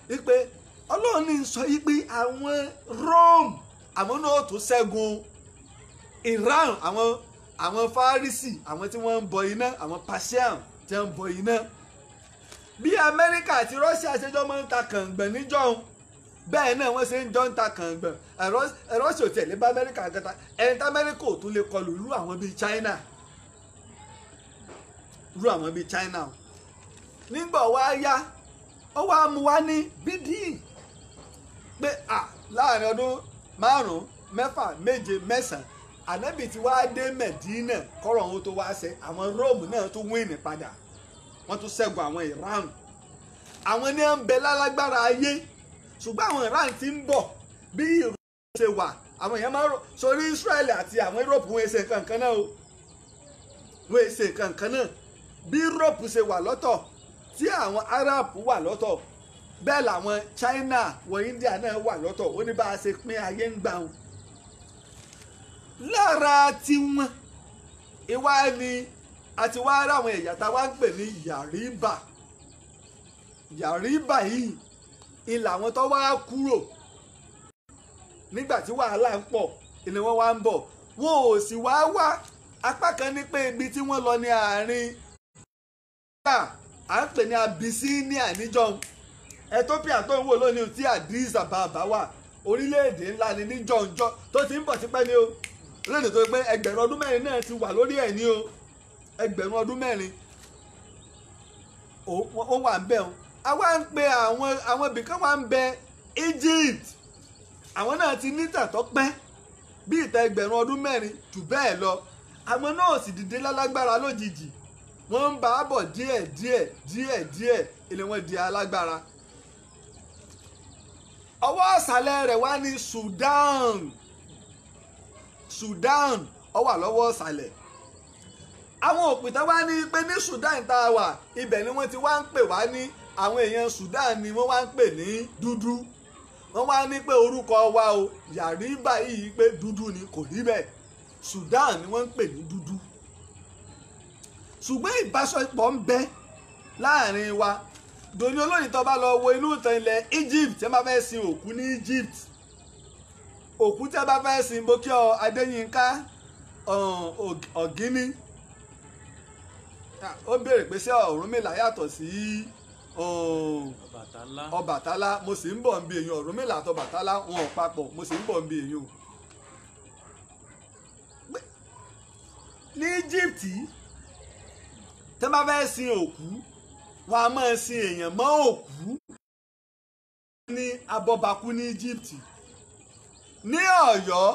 wípé ọlọ́run ní sọ yí pé àwọn Rome àwọn náà tó ṣẹ́gun Iran àwọn àwọn Fárísì àwọn tí wọ́n ń bọ iná àwọn Persian tí wọ́n ń bọ iná bí amẹ́ríkà àti russia ṣe jọ máa ń ta kàngbọ̀n níjọ́un bẹ́ẹ̀ náà wọ́n ṣe ń jọ ń ta kàngbọ̀n russia ò tẹ̀lé bá amẹ́ríkà gata ẹni tí amẹ́ríkà ò tún lè kọlù irú àwọn bíi china irú àwọn bíi china o nígbà wá yá ó wá mú wá ní bídíì pé à láàrin ọdún márùn-ún mẹ́fà méje mẹ́sàn-án ànábì tí wàá dé mẹ̀dínà kọ́rọ̀ ohun tó wá ṣe àwọn róòmù náà tún wíìnì padà wọ́n tún ṣẹ́gun àwọn Iran àwọn ní à ń bẹ lálágbára ayé ṣùgbọ́n àwọn Iran ti ń bọ̀ bí ìròyìn ṣe wà àwọn èèyàn máa ń rò sórí Israel àti àwọn Europe wọ́n ṣe nǹkan kan náà o wọ́n ṣe nǹkan kan náà bí Europe ṣe wà lọ́tọ̀ tí àwọn Arab wà lọ́tọ̀ bẹ́ẹ̀ làwọn China wọ India náà wà lọ́tọ̀ ó ní bá a ṣe pín ayé ń gbà wọn lára tiwọn ìwà ni àti wá ráwọn ẹ̀yà tá a wá ń pè ní yàríbà yàríbà yìí ilà àwọn tó wá kúrò nígbà tí wàhálà ń pọ̀ ni wọ́n wá ń bọ̀ wọn ò sì wá wá apá kan ní pé ibi tí wọ́n lọ ní àárín à ń pè ní Abisinia níjọ́un Ethiopia tó ń wò lónìí tí Addis Ababa wà orílẹ̀-èdè ńlá ni níjọ́unjọ́ tó ti ń bọ̀ sípẹ́ ni o lónìí tó pé ẹgbẹ̀rún ọdún mẹ́rin náà ti wà lórí ẹ̀ ni o ẹgbẹ̀rún ọdún mẹ́rin ó wà ń bẹ̀ o àwa ń pe àwọn àwọn ibìkan wà ń bẹ Egypt àwọn náà ti ní tàtọ́ pẹ́ bí ìta ẹgbẹ̀rún ọdún mẹ́rin jù bẹ́ẹ̀ lọ àwọn náà sì dìde lálágbára lójijì wọ́n ń bá a bọ̀ díẹ̀ díẹ̀ díẹ̀ díẹ̀ ilé wọn di alágbára ọwọ́ ọ̀sàlẹ̀ rẹ̀ wá ní Sudan Sudan ó wà lọ́wọ́ àwọn òpìtàn wá ní pé ní Sudan tá a wà ibẹ̀ ni wọ́n ti wá ń pè wá ní àwọn èèyàn Sudan ni wọ́n wá ń pè ní dúdú wọ́n wá ní pé orúkọ wa o yàrá yìí pé dúdú ni kò rí bẹ́ẹ̀ Sudan ni wọ́n ń pè ní dúdú ṣùgbọ́n ìbáṣepọ̀ ń bẹ láàrin wa dòní olóyìn tó bá lọ wo inú ìtàn ilẹ̀ Egypt tí wọ́n bá fẹ́ sin òkú ní Egypt òkú tí wọ́n bá fẹ́ sin bókíọ́ Adéyínká ọ̀gíní. Uh, ó ń béèrè pé ṣé Ọ̀rúnmìlà yàtọ̀ sí um, Ọbàtálá mo sì ń bọ̀ ń bi èyàn Ọ̀rúnmìlà àti Ọbàtálá wọn ò papọ̀ mo sì ń bọ̀ ń bi èyàn o. ní Egypt tó bá fẹ́ sin òkú wọn a máa sin èèyàn mọ́ òkú ní abọ́bakú ní Egypt ní Ọ̀yọ́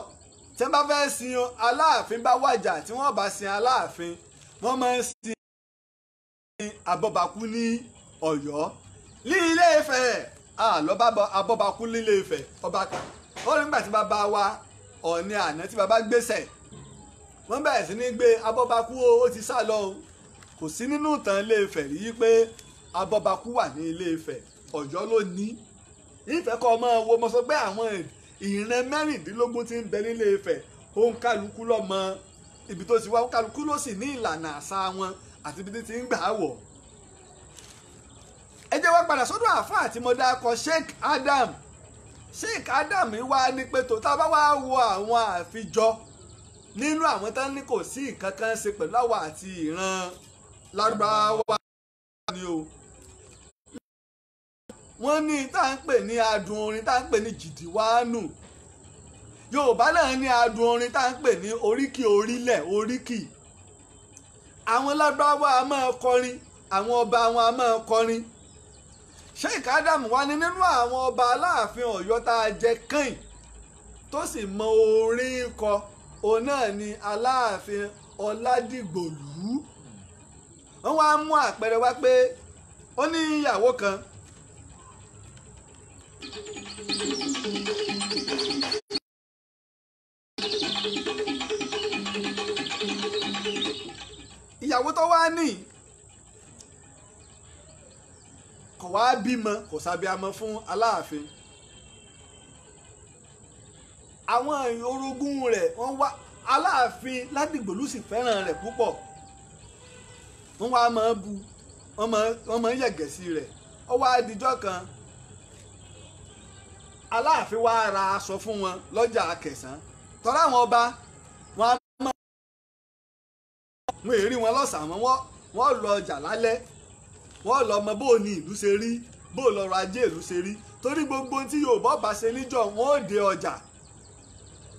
tí wọ́n bá fẹ́ sin aláàfin bá wàjà tí wọ́n bá sin aláàfin wọ́n máa sin abọ́bakú ní ọ̀yọ́ ní ilé Ifẹ̀ àlọ́bá abọ́bakú ní ilé Ifẹ̀ ọba kan ó ní nígbà tí bàbá wa ọ̀ọ́ni àná tí bàbá gbéṣẹ̀ wọ́n bẹ̀rẹ̀ sí ní gbé abọ́bakú ó ti sá lọ kò sí nínú ìtàn ilé Ifẹ̀ rí pé abọ́bakú wà ní ilé Ifẹ̀ ọ̀yọ́ ló ní ìfẹ́ kọ́ ọmọ wo mo sọ pé àwọn ìran mẹ́rìndínlógún ti ń bẹ nílé Ifẹ̀ ó ń kálukú lọ́mọ ibi tó ti wá ó ń kálukú ló sì ní ìlànà àṣà wọn àti ibi tí ń gbà á wọ̀ ẹ jẹ́ wá padà sọ́dọ̀ àáfàá tí mo dákọ Sheikh Adam Sheikh Adam wá ní pé tó tá a bá wá wo àwọn àfijọ nínú àwọn tán ní kò sí nǹkan kan ṣe pẹ̀lú àwa àti ìran lárúbáwá ni o wọ́n ní tá à ń pè ní adùn orin tá à ń pè ní jìdìwánù Yorùbá náà ní adùn orin tá à ń pè ní oríkì orílẹ̀ oríkì àwọn lágbáwá a máa kọrin àwọn ọba wọn a máa kọrin Sheikh Adam wà ní nínú àwọn ọba aláàfin Ọ̀yọ́ tá a jẹ kàn tó sì mọ orin kọ òun náà ni aláàfin Ọládìgbòlú wọ́n wá mú àpẹẹrẹ wá pé ó ní ìyàwó kan. ìyàwó tó wá ní kò wá bímọ kò sábíamọ fún aláàfin àwọn orogún rẹ̀ wọ́n wá aláàfin ládìgbòlù sì fẹ́ràn rẹ̀ púpọ̀ wọ́n wá máa bu wọ́n máa yẹ̀gẹ̀ sí rẹ̀ ó wá dijọ́ kan aláàfin wá ra aṣọ fún wọn lọ́jà Akẹ̀sán tọ́lá àwọn ọba wọn èrí wọn lọ́sàn-án lọ ọjà lálẹ́ wọ́n lọ mọ bó ní ìlú ṣe rí bó lọ́rọ̀ ajé ìlú ṣe rí torí gbogbo tí Yorùbá bá ṣe níjọ wọn ò dé ọjà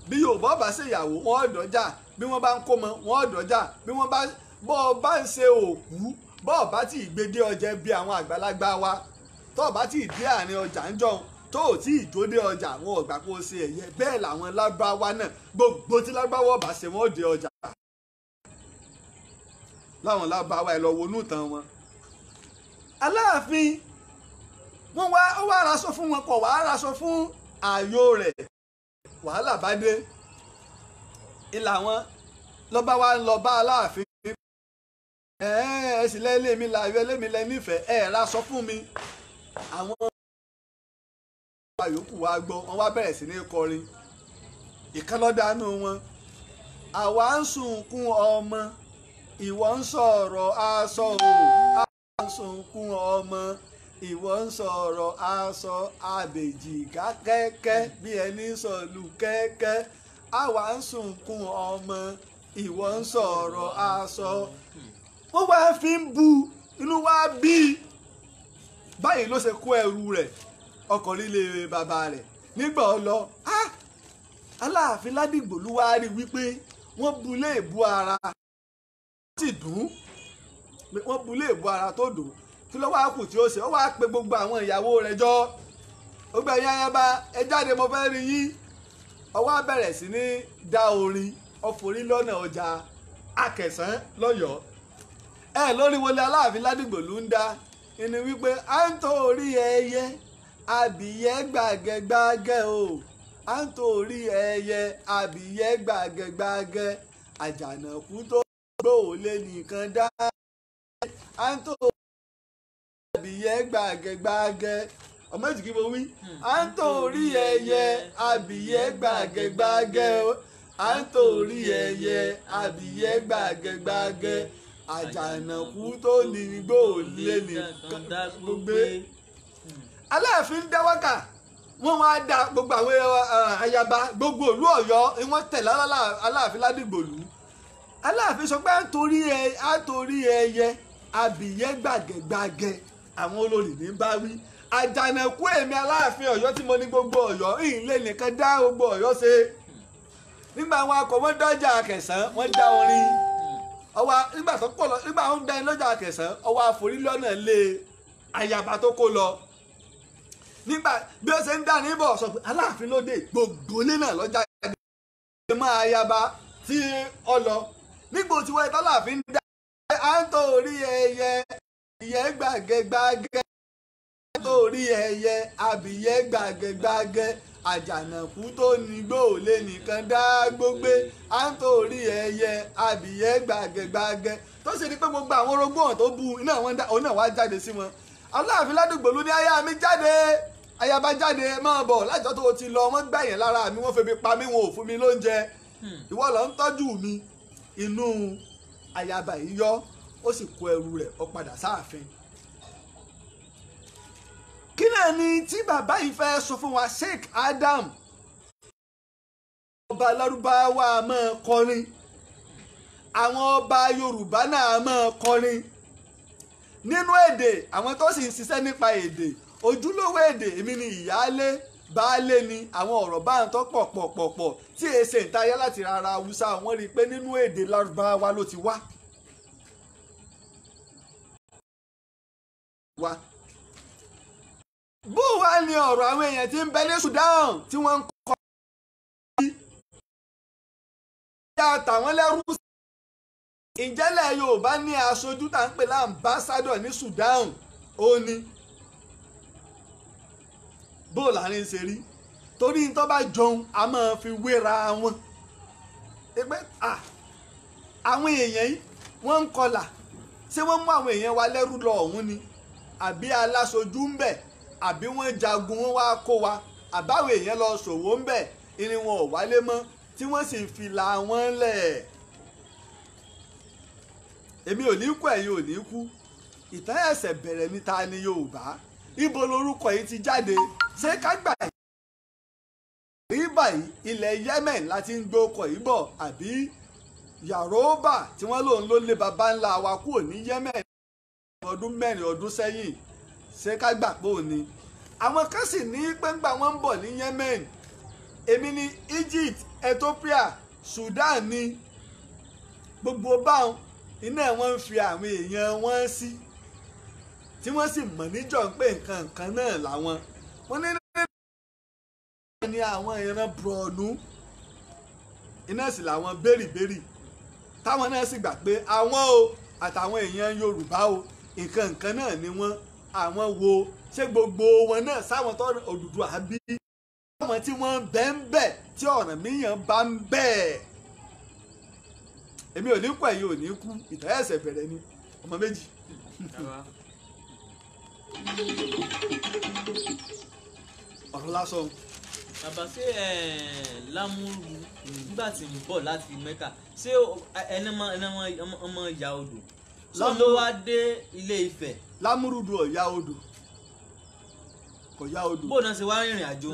bí Yorùbá bá ṣe ìyàwó wọn ò dọjà bí wọ́n bá ń kó mọ wọn ò dọjà bí wọ́n bá bá ń ṣe òkú bọ́ ọ tí ì gbé dé ọjà bí àwọn àgbàlagbà wa tọ́ ọ tí ì dé àárín ọjà ń jọun tó ò tí ì dóde ọjà àwọn ọ̀gbà kó ṣe ẹ̀yẹ bẹ́ẹ̀ làwọn lágbáwá náà gbogbo tí lágbáwá ọ̀bà ṣe wọ́n dé ọjà láwọn lábáwá ẹ lọ wọnú tán wọn aláàfin wọ́n wá ó wá raṣọ fún wọn kọ̀ wá raṣọ fún ààyò rẹ̀ wàhálà bá dé ilà wọn lọ́ba wa ń lọ bá aláàfin ẹ ẹ sì lẹ́lẹ́ mi làyọ ẹlẹ́mi lẹ nífẹ̀ẹ́ ẹ raṣọ fún mi àwọn ọba yòókù wa gbọ́ wọn wá bẹ̀rẹ̀ sí ní kọrin ìkànnọ́dánú wọn àwa ń sunkún ọmọ ìwọ ń sọ̀rọ̀ aṣọ o aṣọǹkún ọmọ ìwọ ń sọ̀rọ̀ aṣọ àbèjìká kẹ́kẹ́ bí ẹni sọ̀lù kẹ́kẹ́ àwa ń sunkún ọmọ ìwọ ń sọ̀rọ̀ aṣọ wọ́n wá fi ń bu inú wá bí báyìí ló ṣe kó ẹrù rẹ̀ ọkọ̀ líle bàbá rẹ̀ nígbà ọ lọ aláàfin ládìgbòlú wá rí wípé wọ́n bu ilé ìbú ara sì dùn wọ́n bu ilé ìbò ara tó dùn kí ló wáá kù tí ó ṣe ó wáá pe gbogbo àwọn ìyàwó rẹ̀ jọ ó gbẹ yẹn yẹn bá ẹ jáde mo fẹ́ rí yín ọwọ́ á bẹ̀rẹ̀ sí ní da orin ọ̀fọ̀rí lọ́nà ọjà akẹ̀sán lọ́yọ̀ọ́ ẹ lórí wọlé aláàfin ládìgbòlù ń dá ẹni wípé à ń tó orí ẹyẹ abìyẹ gbàgẹgbàgẹ o à ń tó orí ẹyẹ abìyẹ gbàgẹgbàgẹ àjànàkú tó gbò lé nìkan dá àǹtò àbíyẹ gbàgẹgbàgẹ ọmọ ìsìnkí mo wí àǹtò orí ẹyẹ àbíyẹ gbàgẹgbàgẹ àǹtò orí ẹyẹ àbíyẹ gbàgẹgbàgẹ àjànàkú tó ní gbò lé nìkan dá gbogbo aláàfin dáwọ́kà wọ́n wá da gbogbo àwọn eh, ayaba gbogbo ìlú Ọ̀yọ́ wọ́n tẹ̀lé aláàfin ládìgbòlù aláàfin sọ pé àtòrí ẹ àtòrí ẹyẹ abìyẹ gbàgẹgbàgẹ àwọn olórí ní bá wí àjànàkú èmi aláàfin Ọ̀yọ́ tí mo ní gbogbo Ọ̀yọ́ ìlẹ nìkan dá gbogbo Ọ̀yọ́ ṣe nígbà àwọn akọ wọn dọjà Akẹ̀sán wọn dá orin ọwọ nígbà tó pọ̀ lọ nígbà wọn dá lọjà Akẹ̀sán ọwọ àforí lọ́nà lé ayaba tó kó lọ nígbà bí ó ṣe ń dà níbọ̀ sọ pé aláàfin ló dé gbogbo ilé náà lọ́jà Akẹ̀sán máa ayaba tí ọ lọ nígbò tí wọ́n ìtọ́lá fi ń dá à ń tó orí ẹyẹ ìyẹn gbàgẹ́gbàgẹ́ à ń tó orí ẹyẹ àbíyẹ gbàgẹ́gbàgẹ́ àjànàkú tó nígbò lé nìkan dá gbógbé à ń tó orí ẹyẹ àbíyẹ gbàgẹ́gbàgẹ́ tó sì ní pé gbogbo àwọn orogún ọ̀hún tó bu iná wọn dá òun náà wá jáde sí wọn aláàfin ládùúgbò ló ní aya mi jáde ayaba jáde máa bọ̀ lájọ́ tó ti lọ wọ́n gbà yẹn lára mi wọ́n febi pa mí wọn ò fún mi lóúnjẹ hmm. ìwọ ló ń tọ́jú mi inú ayaba yìí yọ ó sì kó ẹrù rẹ̀ ó padà sáàfin kí náà ni tí bàbá yìí fẹ́ sọ fún wa Sheikh Adam ọba lárúbáwá máa kọrin àwọn ọba Yorùbá náà máa kọrin nínú èdè àwọn tó sì ń ṣiṣẹ́ nípa èdè ojúlówó èdè èmi ni ìyáálé baálé ni àwọn ọ̀rọ̀ bá ń tọ́ pọ̀pọ̀pọ̀pọ̀ tí èsè ń tayá láti ara haúsá wọ́n rí i pé nínú èdè lárúbáwá ló ti wá. bó wá ní ọ̀rọ̀ àwọn èèyàn tí ń bẹ ní Sudan tí wọ́n ń kọ́ ọ́ ìyá àtàwọn lẹ́rú ìjẹ́lẹ̀ Yorùbá ní aṣojú tá à ń pè láǹbásádọ̀ ní Sudan ó ní bó láàrin ṣe rí torí tó bá jọun a máa fi wéra wọn ẹgbẹ́ àwọn èèyàn yìí wọ́n ń kọlà ṣé wọ́n mú àwọn èèyàn wa lẹ́rú lọ ọ̀hún ni àbí aláṣojú ń bẹ̀ àbí wọ́n jagun wọn wá kó wa àbáwọn èèyàn lọ ṣòwò ń bẹ̀ irin wọn ò wálé mọ́ tí wọ́n sì fìlà wọn lẹ̀ èmi ò ní kú ẹ̀yin ò ní kú ìtàn ẹ̀sẹ̀ bẹ̀rẹ̀ níta ni Yorùbá ibo lorúkọ yìí ti jáde ṣé ká gbà yìí báyìí ilẹ̀ Yemen láti ń gbé ọkọ̀ yìí bọ̀ àbí Yaroba tí wọ́n lòun ló lé baba ńlá wa kúrò ní Yemen ọdún mẹ́rin ọdún sẹ́yìn ṣé ká gbà pé òun ni àwọn kan sì ní pẹ́ngbà wọn ń bọ̀ ní Yemen èmi ní Egypt Ethiopia Sudan ní gbogbo báwọn iná wọn ń fi àwọn èèyàn wọn sí. Si tí wọ́n sì mọ̀ níjọ́ pé nǹkan nǹkan náà làwọn wọ́n ní nílẹ̀ ní àwọn ìran bùrọ̀nù iná sì làwọn bẹ́rìbẹ́rì táwọn náà sì gbà pé àwọn o àtàwọn èèyàn Yorùbá o nǹkan nǹkan náà ni wọ́n àwọn wo ṣé gbogbo wọn náà sáwọn tó Odùduwà bí àwọn tí wọ́n bẹ́ ń bẹ̀ tí Ọ̀rànmíyàn bá ń bẹ̀ èmi ò ní kú ò ní kú ìtàn bẹ̀rẹ̀ ni ọmọ méjì ọ̀rọ̀ lásán. bàbá ṣé ẹ lámúrú nígbà tí ń bọ̀ láti mẹ́kà ṣé ẹni ọmọ ìyá odò sọ ló wá dé ilé Ifẹ̀. lámúrúdù ọ̀yá odò kò yá odò. bó o náà ṣe wá rìnrìn àjò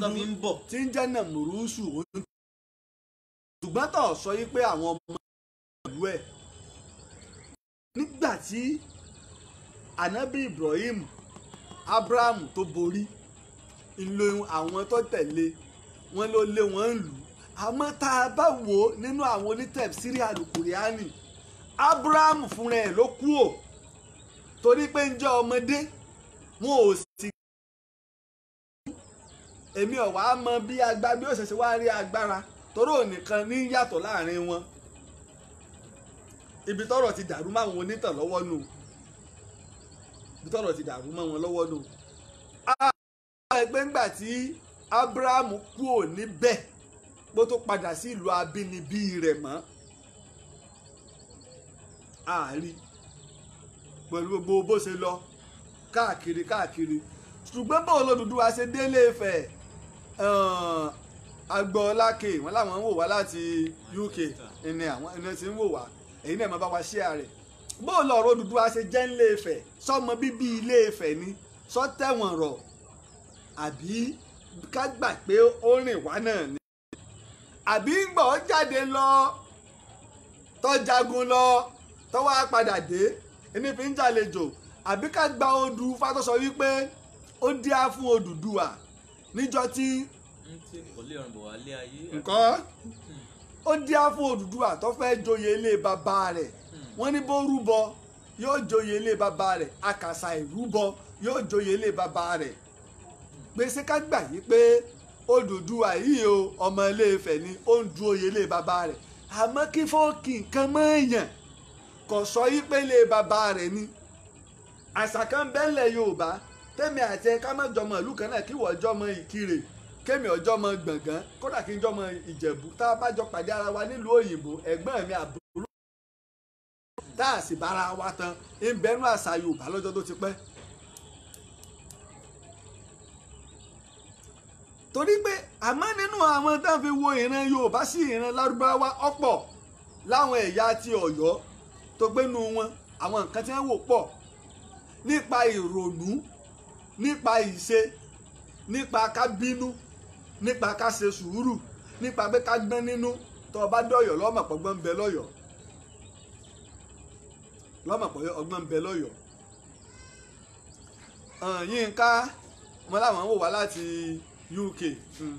tó fi ń bọ̀. tí ń jẹ́ nàmúrúsù oyún. ṣùgbọ́n tó sọ yí pé àwọn ọmọ ìlú ẹ̀ nígbà tí ànábì Ibrahim Abraham tó borí ìlò àwọn tó tẹ̀lé wọn ló lé wọn ń lù àmọ́ tá a bá wò ó nínú àwọn onítẹ̀sírí àlùkùránì Abraham fúnra ẹ̀ ló kú ò torí pé ń jẹ́ ọmọdé wọn ò sì èmi ò wá mọ bí agbára bí ó ṣẹ̀ṣẹ̀ wá rí agbára tọ́rọ̀ nìkan ní yàtọ̀ láàrin wọn ibi tọ́rọ̀ ti dàrú máwọn onítàn lọ́wọ́ nù bitọ́rọ̀ ti dàrú mọ́ wọn lọ́wọ́ nù. ẹgbẹ́ ńgbà tí Abrahamu kú ò níbẹ̀ bó tó padà sí ìlú abínibí rẹ̀ mọ́ àárí pẹ̀lú gbogbo bó ṣe lọ káàkiri káàkiri ṣùgbọ́n báwo l'Odùduwà ṣe délé Ifẹ̀ agbọ́ọ́láke wọn làwọn ń wò wá láti UK ìní àwọn ẹni tí ń wò wá èyí náà máa bá wa ṣíà rẹ̀ bó lọ̀rọ̀ Odùduwà ṣe jẹ́ ńlé Ifẹ̀ sọmọ bíbí ilé Ifẹ̀ ni sọ tẹ̀wọ̀n rọ̀ àbí ká gbà pé ó rìn wá náà ni àbí gbọ́ jáde lọ tọ́jagun lọ tọ́wọ́ padà dé ẹni fi ń jàlejò àbí ká gba odù fatọ́sọ wípé ó díá fún Odùduwà níjọ́ tí nǹkan ó díá fún Odùduwà tó fẹ́ joyè ilé bàbá rẹ̀ wọ́n ní bó rúbọ yóò joyè ilé bàbá rẹ̀ àkàsà ìrúbọ yóò joyè ilé bàbá rẹ̀ gbèsè ká gbà yí pé Odùduwà yìí o ọmọ ilé ni ó ń du oyè ilé bàbá rẹ̀ àmọ́ kí fọ́ọ̀kì nǹkan mọ́ èèyàn kò sọ yí pé ilé bàbá rẹ̀ ni àṣà kan bẹ́ẹ̀lẹ̀ Yorùbá tẹ́mi àti ẹ̀ka mọ́jọmọ́ ìlú kan náà kí wọ́n jọmọ Ìkirè kémi ọjọ́ mọ gbọ̀ngàn kódà kí n jọmọ Ìjẹ̀bú tá a bá jọ pàdé ara wa nílùú òyìnbó ẹ̀gbọ́n mi àbúrò tá a sì bára wa tan ń bẹnu àṣà Yorùbá lọ́jọ́ tó ti pẹ́. torí pé àmọ́ nínú àwọn tá a fi wo ìran Yorùbá sí ìran Lárúbáwá ọ̀pọ̀ láwọn ẹ̀yà ti Ọ̀yọ́ tó gbénu wọn àwọn nǹkan tí wọ́n wò pọ̀ nípa ìrònú nípa ìṣe nípa ká bínú nípa ká ṣe sùúrù nípa pé ká gbọ́n nínú tó o bá dọ̀yọ̀ lọ́mọ̀ pọ̀gbọ́n bẹ lọ́yọ̀ọ́ lọ́mọ̀pọ̀ ọgbọ́n ń bẹ lọ́yọ̀ọ́ yínká wọn láwọn wò wá láti UK hmm.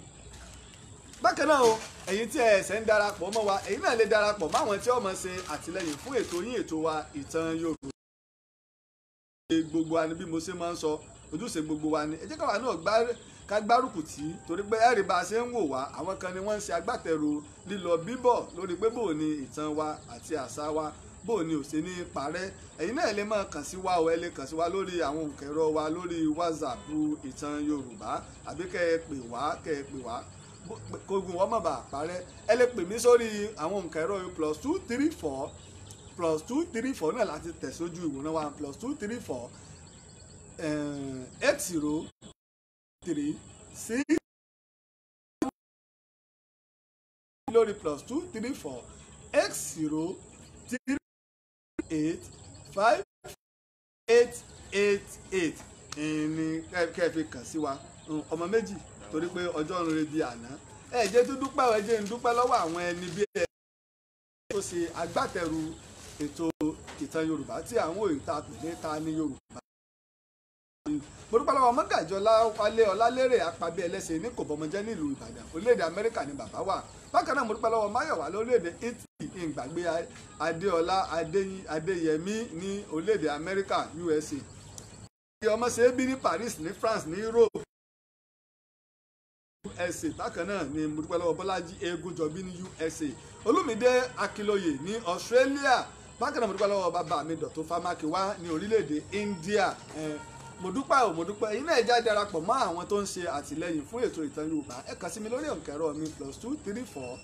bákan náà o ẹ̀yin tí ẹ̀sẹ̀ ń darapọ̀ mọ́ wa ẹ̀yin náà lè darapọ̀ máwọn tí ọmọ ṣe àtìlẹyìn fún ètò yín ètò wa ìtàn Yorùbá gbogbo wa ni bí mo ṣe máa ń sọ ojúṣe gbogbo wa ni ẹ jẹ́ káwa náà ká gbárùkù tì torí pé ẹ̀rí bá a ṣe ń wò wá àwọn kan ni wọ́n ń ṣe agbátẹrù lílọ bíbọ̀ lórí pé bò ní ìtàn wa àti àṣà wa bó ni ò ṣe ní parẹ́ ẹ̀yin náà lè máa kàn sí wa o ẹ lè kàn sí wa lórí àwọn òkèrò wa lórí whatsapp ìtàn yorùbá àbí kẹ́ ẹ pè wá kẹ́ ẹ pè wá kogun wọ́n má bàa parẹ́ ẹ lè pè mí sórí àwọn òkèrò plus two three four plus two three four náà láti tẹ̀ ìwòran wa plus two three four eh, eight zero three six lórí plus two three four x zero three. 5888 five eight eight kàn sí wa ọmọ méjì torí pé ọjọ́ ń re di àná ẹ jẹ́ tó dúpẹ́ ẹ jẹ́ ń dúpẹ́ lọ́wọ́ àwọn ẹni bí ẹ tó ṣe agbátẹrù ètò ìtàn Yorùbá tí àwọn ta ni Yorùbá. mo dúpẹ́ lọ́wọ́ mọ́gàjọ́ láwálé ọlálérè apàbí ẹlẹ́sìn ní kò bọ́mọjẹ́ nílùú ìbàdàn orílẹ̀-èdè amẹ́ríkà ni bàbá wà bákan náà mo dúpẹ́ lọ́wọ́ máyọ̀wá lórílẹ̀-èdè italy ìgbàgbé adéọlá adéyẹmí ní orílẹ̀-èdè amẹ́ríkà usa ọmọ ṣe é bí ní paris ní france ní europe usa bákan náà ni mo dúpẹ́ lọ́wọ́ bọ́lájí eégúnjọbí ní usa olúmídé akínlóye ní australia bákan náà mo dúpẹ́ lọ́wọ́ bàbá mi dọ̀tún fámákiwá ní orílẹ̀ india mo dúpẹ́ o mo dúpẹ́ ẹ̀yin náà já darapọ̀ mọ́ àwọn tó ń ṣe àtìlẹ́yìn fún ètò ìtàn Yorùbá ẹ kàn sí mi lórí òǹkẹ́rọ mi plus two three four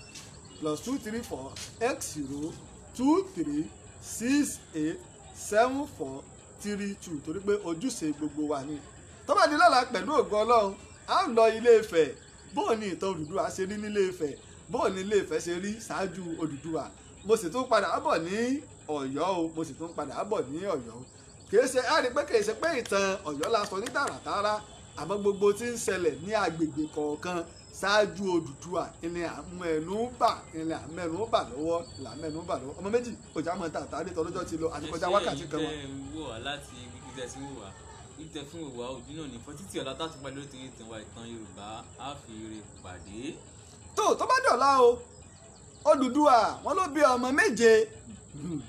plus two three four x zero two three six eight seven four three two torí pé ojúṣe gbogbo wa ni tó bá di lọ́la pẹ̀lú ògo Ọlọ́run à ń lọ Ilé Ifẹ̀ bóò ní ìtàn Odùduwà ṣe rí nílé Ifẹ̀ bóò ní Ilé Ifẹ̀ ṣe rí ṣáájú Odùduwà mo sì tún padà bọ̀ ní Ọ̀yọ́ o mo sì tún padà bọ̀ ní Ọ̀yọ́ o kìí ṣe á rí pé kìí ṣe pé ìtàn Ọ̀yọ́ la sọ ní tààràtààrà àmọ́ gbogbo tí ń ṣẹlẹ̀ ní agbègbè kọ̀ọ̀kan ṣáájú Odùduwà ilẹ̀ àmẹ́nu bà ilẹ̀ àmẹ́nu bà lọ́wọ́ ilẹ̀ àmẹ́nu bà lọ́wọ́ ọmọ méjì òjá mọ tààtà ní tọlọ́jọ́ ti lọ àtikọjá wákàtí kan wa. ṣé ìlú ń wò wá láti ibi sí wò wá ibi fún ìwà ojú náà ní fọtítì ọ̀la tá a tún pàdé lórí tìrì ìtàn wa ìtàn Yorùbá á fi rè pàdé. tó tó bá dọ̀la o Odùduwà wọn ló bí ọmọ méje hmm,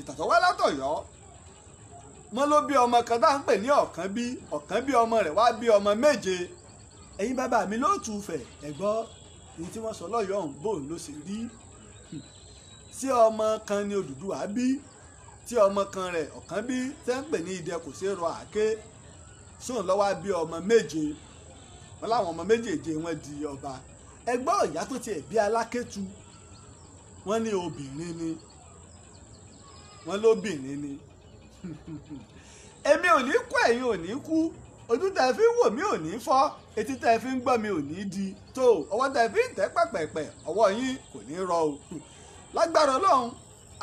ìtàtọ̀wá látọ̀yọ́ wọn ló bí ọmọ kan tá à ń pè ní ọ̀kan bí ọ̀kan bí ọmọ rẹ̀ wá bí ọmọ méje ẹ̀yin bàbá mi ló tù fẹ̀ ẹ̀gbọ́ ní tí wọ́n sọ lọ́yọ̀ ọ̀hún bò ló ṣe rí sí hmm. ọmọ kan ni Odùduwà bí tí ọmọ kan rẹ̀ ọ̀kan bí tẹ́ ń pè ní idẹ kò ṣeé rọ àáké sóun lọ́wọ́ á bí ọmọ méje wọn láwọn ọmọ méjèèje wọn di ọba ẹgbẹ́ ọ̀yá tó tiẹ̀ bí alákétu wọn ní obìnrin ni wọn lóbìnrin ni èmi ò ní kú ẹ̀yin ò ní kú ojú tẹ̀ fi ń wò mí ò ní fọ́ etí tẹ̀ fi ń gbọ́ mi ò ní di tó ọwọ́ tẹ̀ fi ń tẹ̀ pẹ̀pẹ̀pẹ̀ ọwọ́ yín kò ní rọ o lágbára ọlọ́run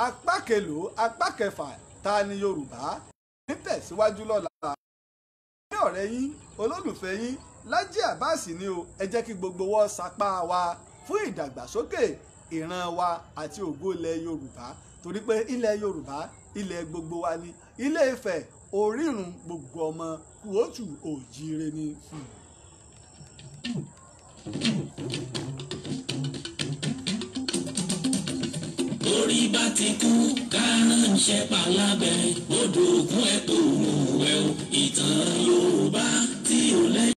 apá kelòó apá kẹfà ta ni yorùbá ní lọ́la ní ọ̀rẹ́ yín olólùfẹ́ yín Lájí Abbas ni o ẹ jẹ́ kí gbogbo wọn sapá wa fún ìdàgbàsókè ìran wa àti ògo ilẹ̀ yorùbá torí pé ilẹ̀ yorùbá ilẹ̀ gbogbo wa ni ilé Ifẹ̀ orírun gbogbo ọmọ kùótù òjíire ni. orí bá ti kú kárán ń ṣẹpà lábẹ́ odò òkú ẹ̀ tó wù ẹ́ o ìtàn Yorùbá tí ò lẹ́yìn.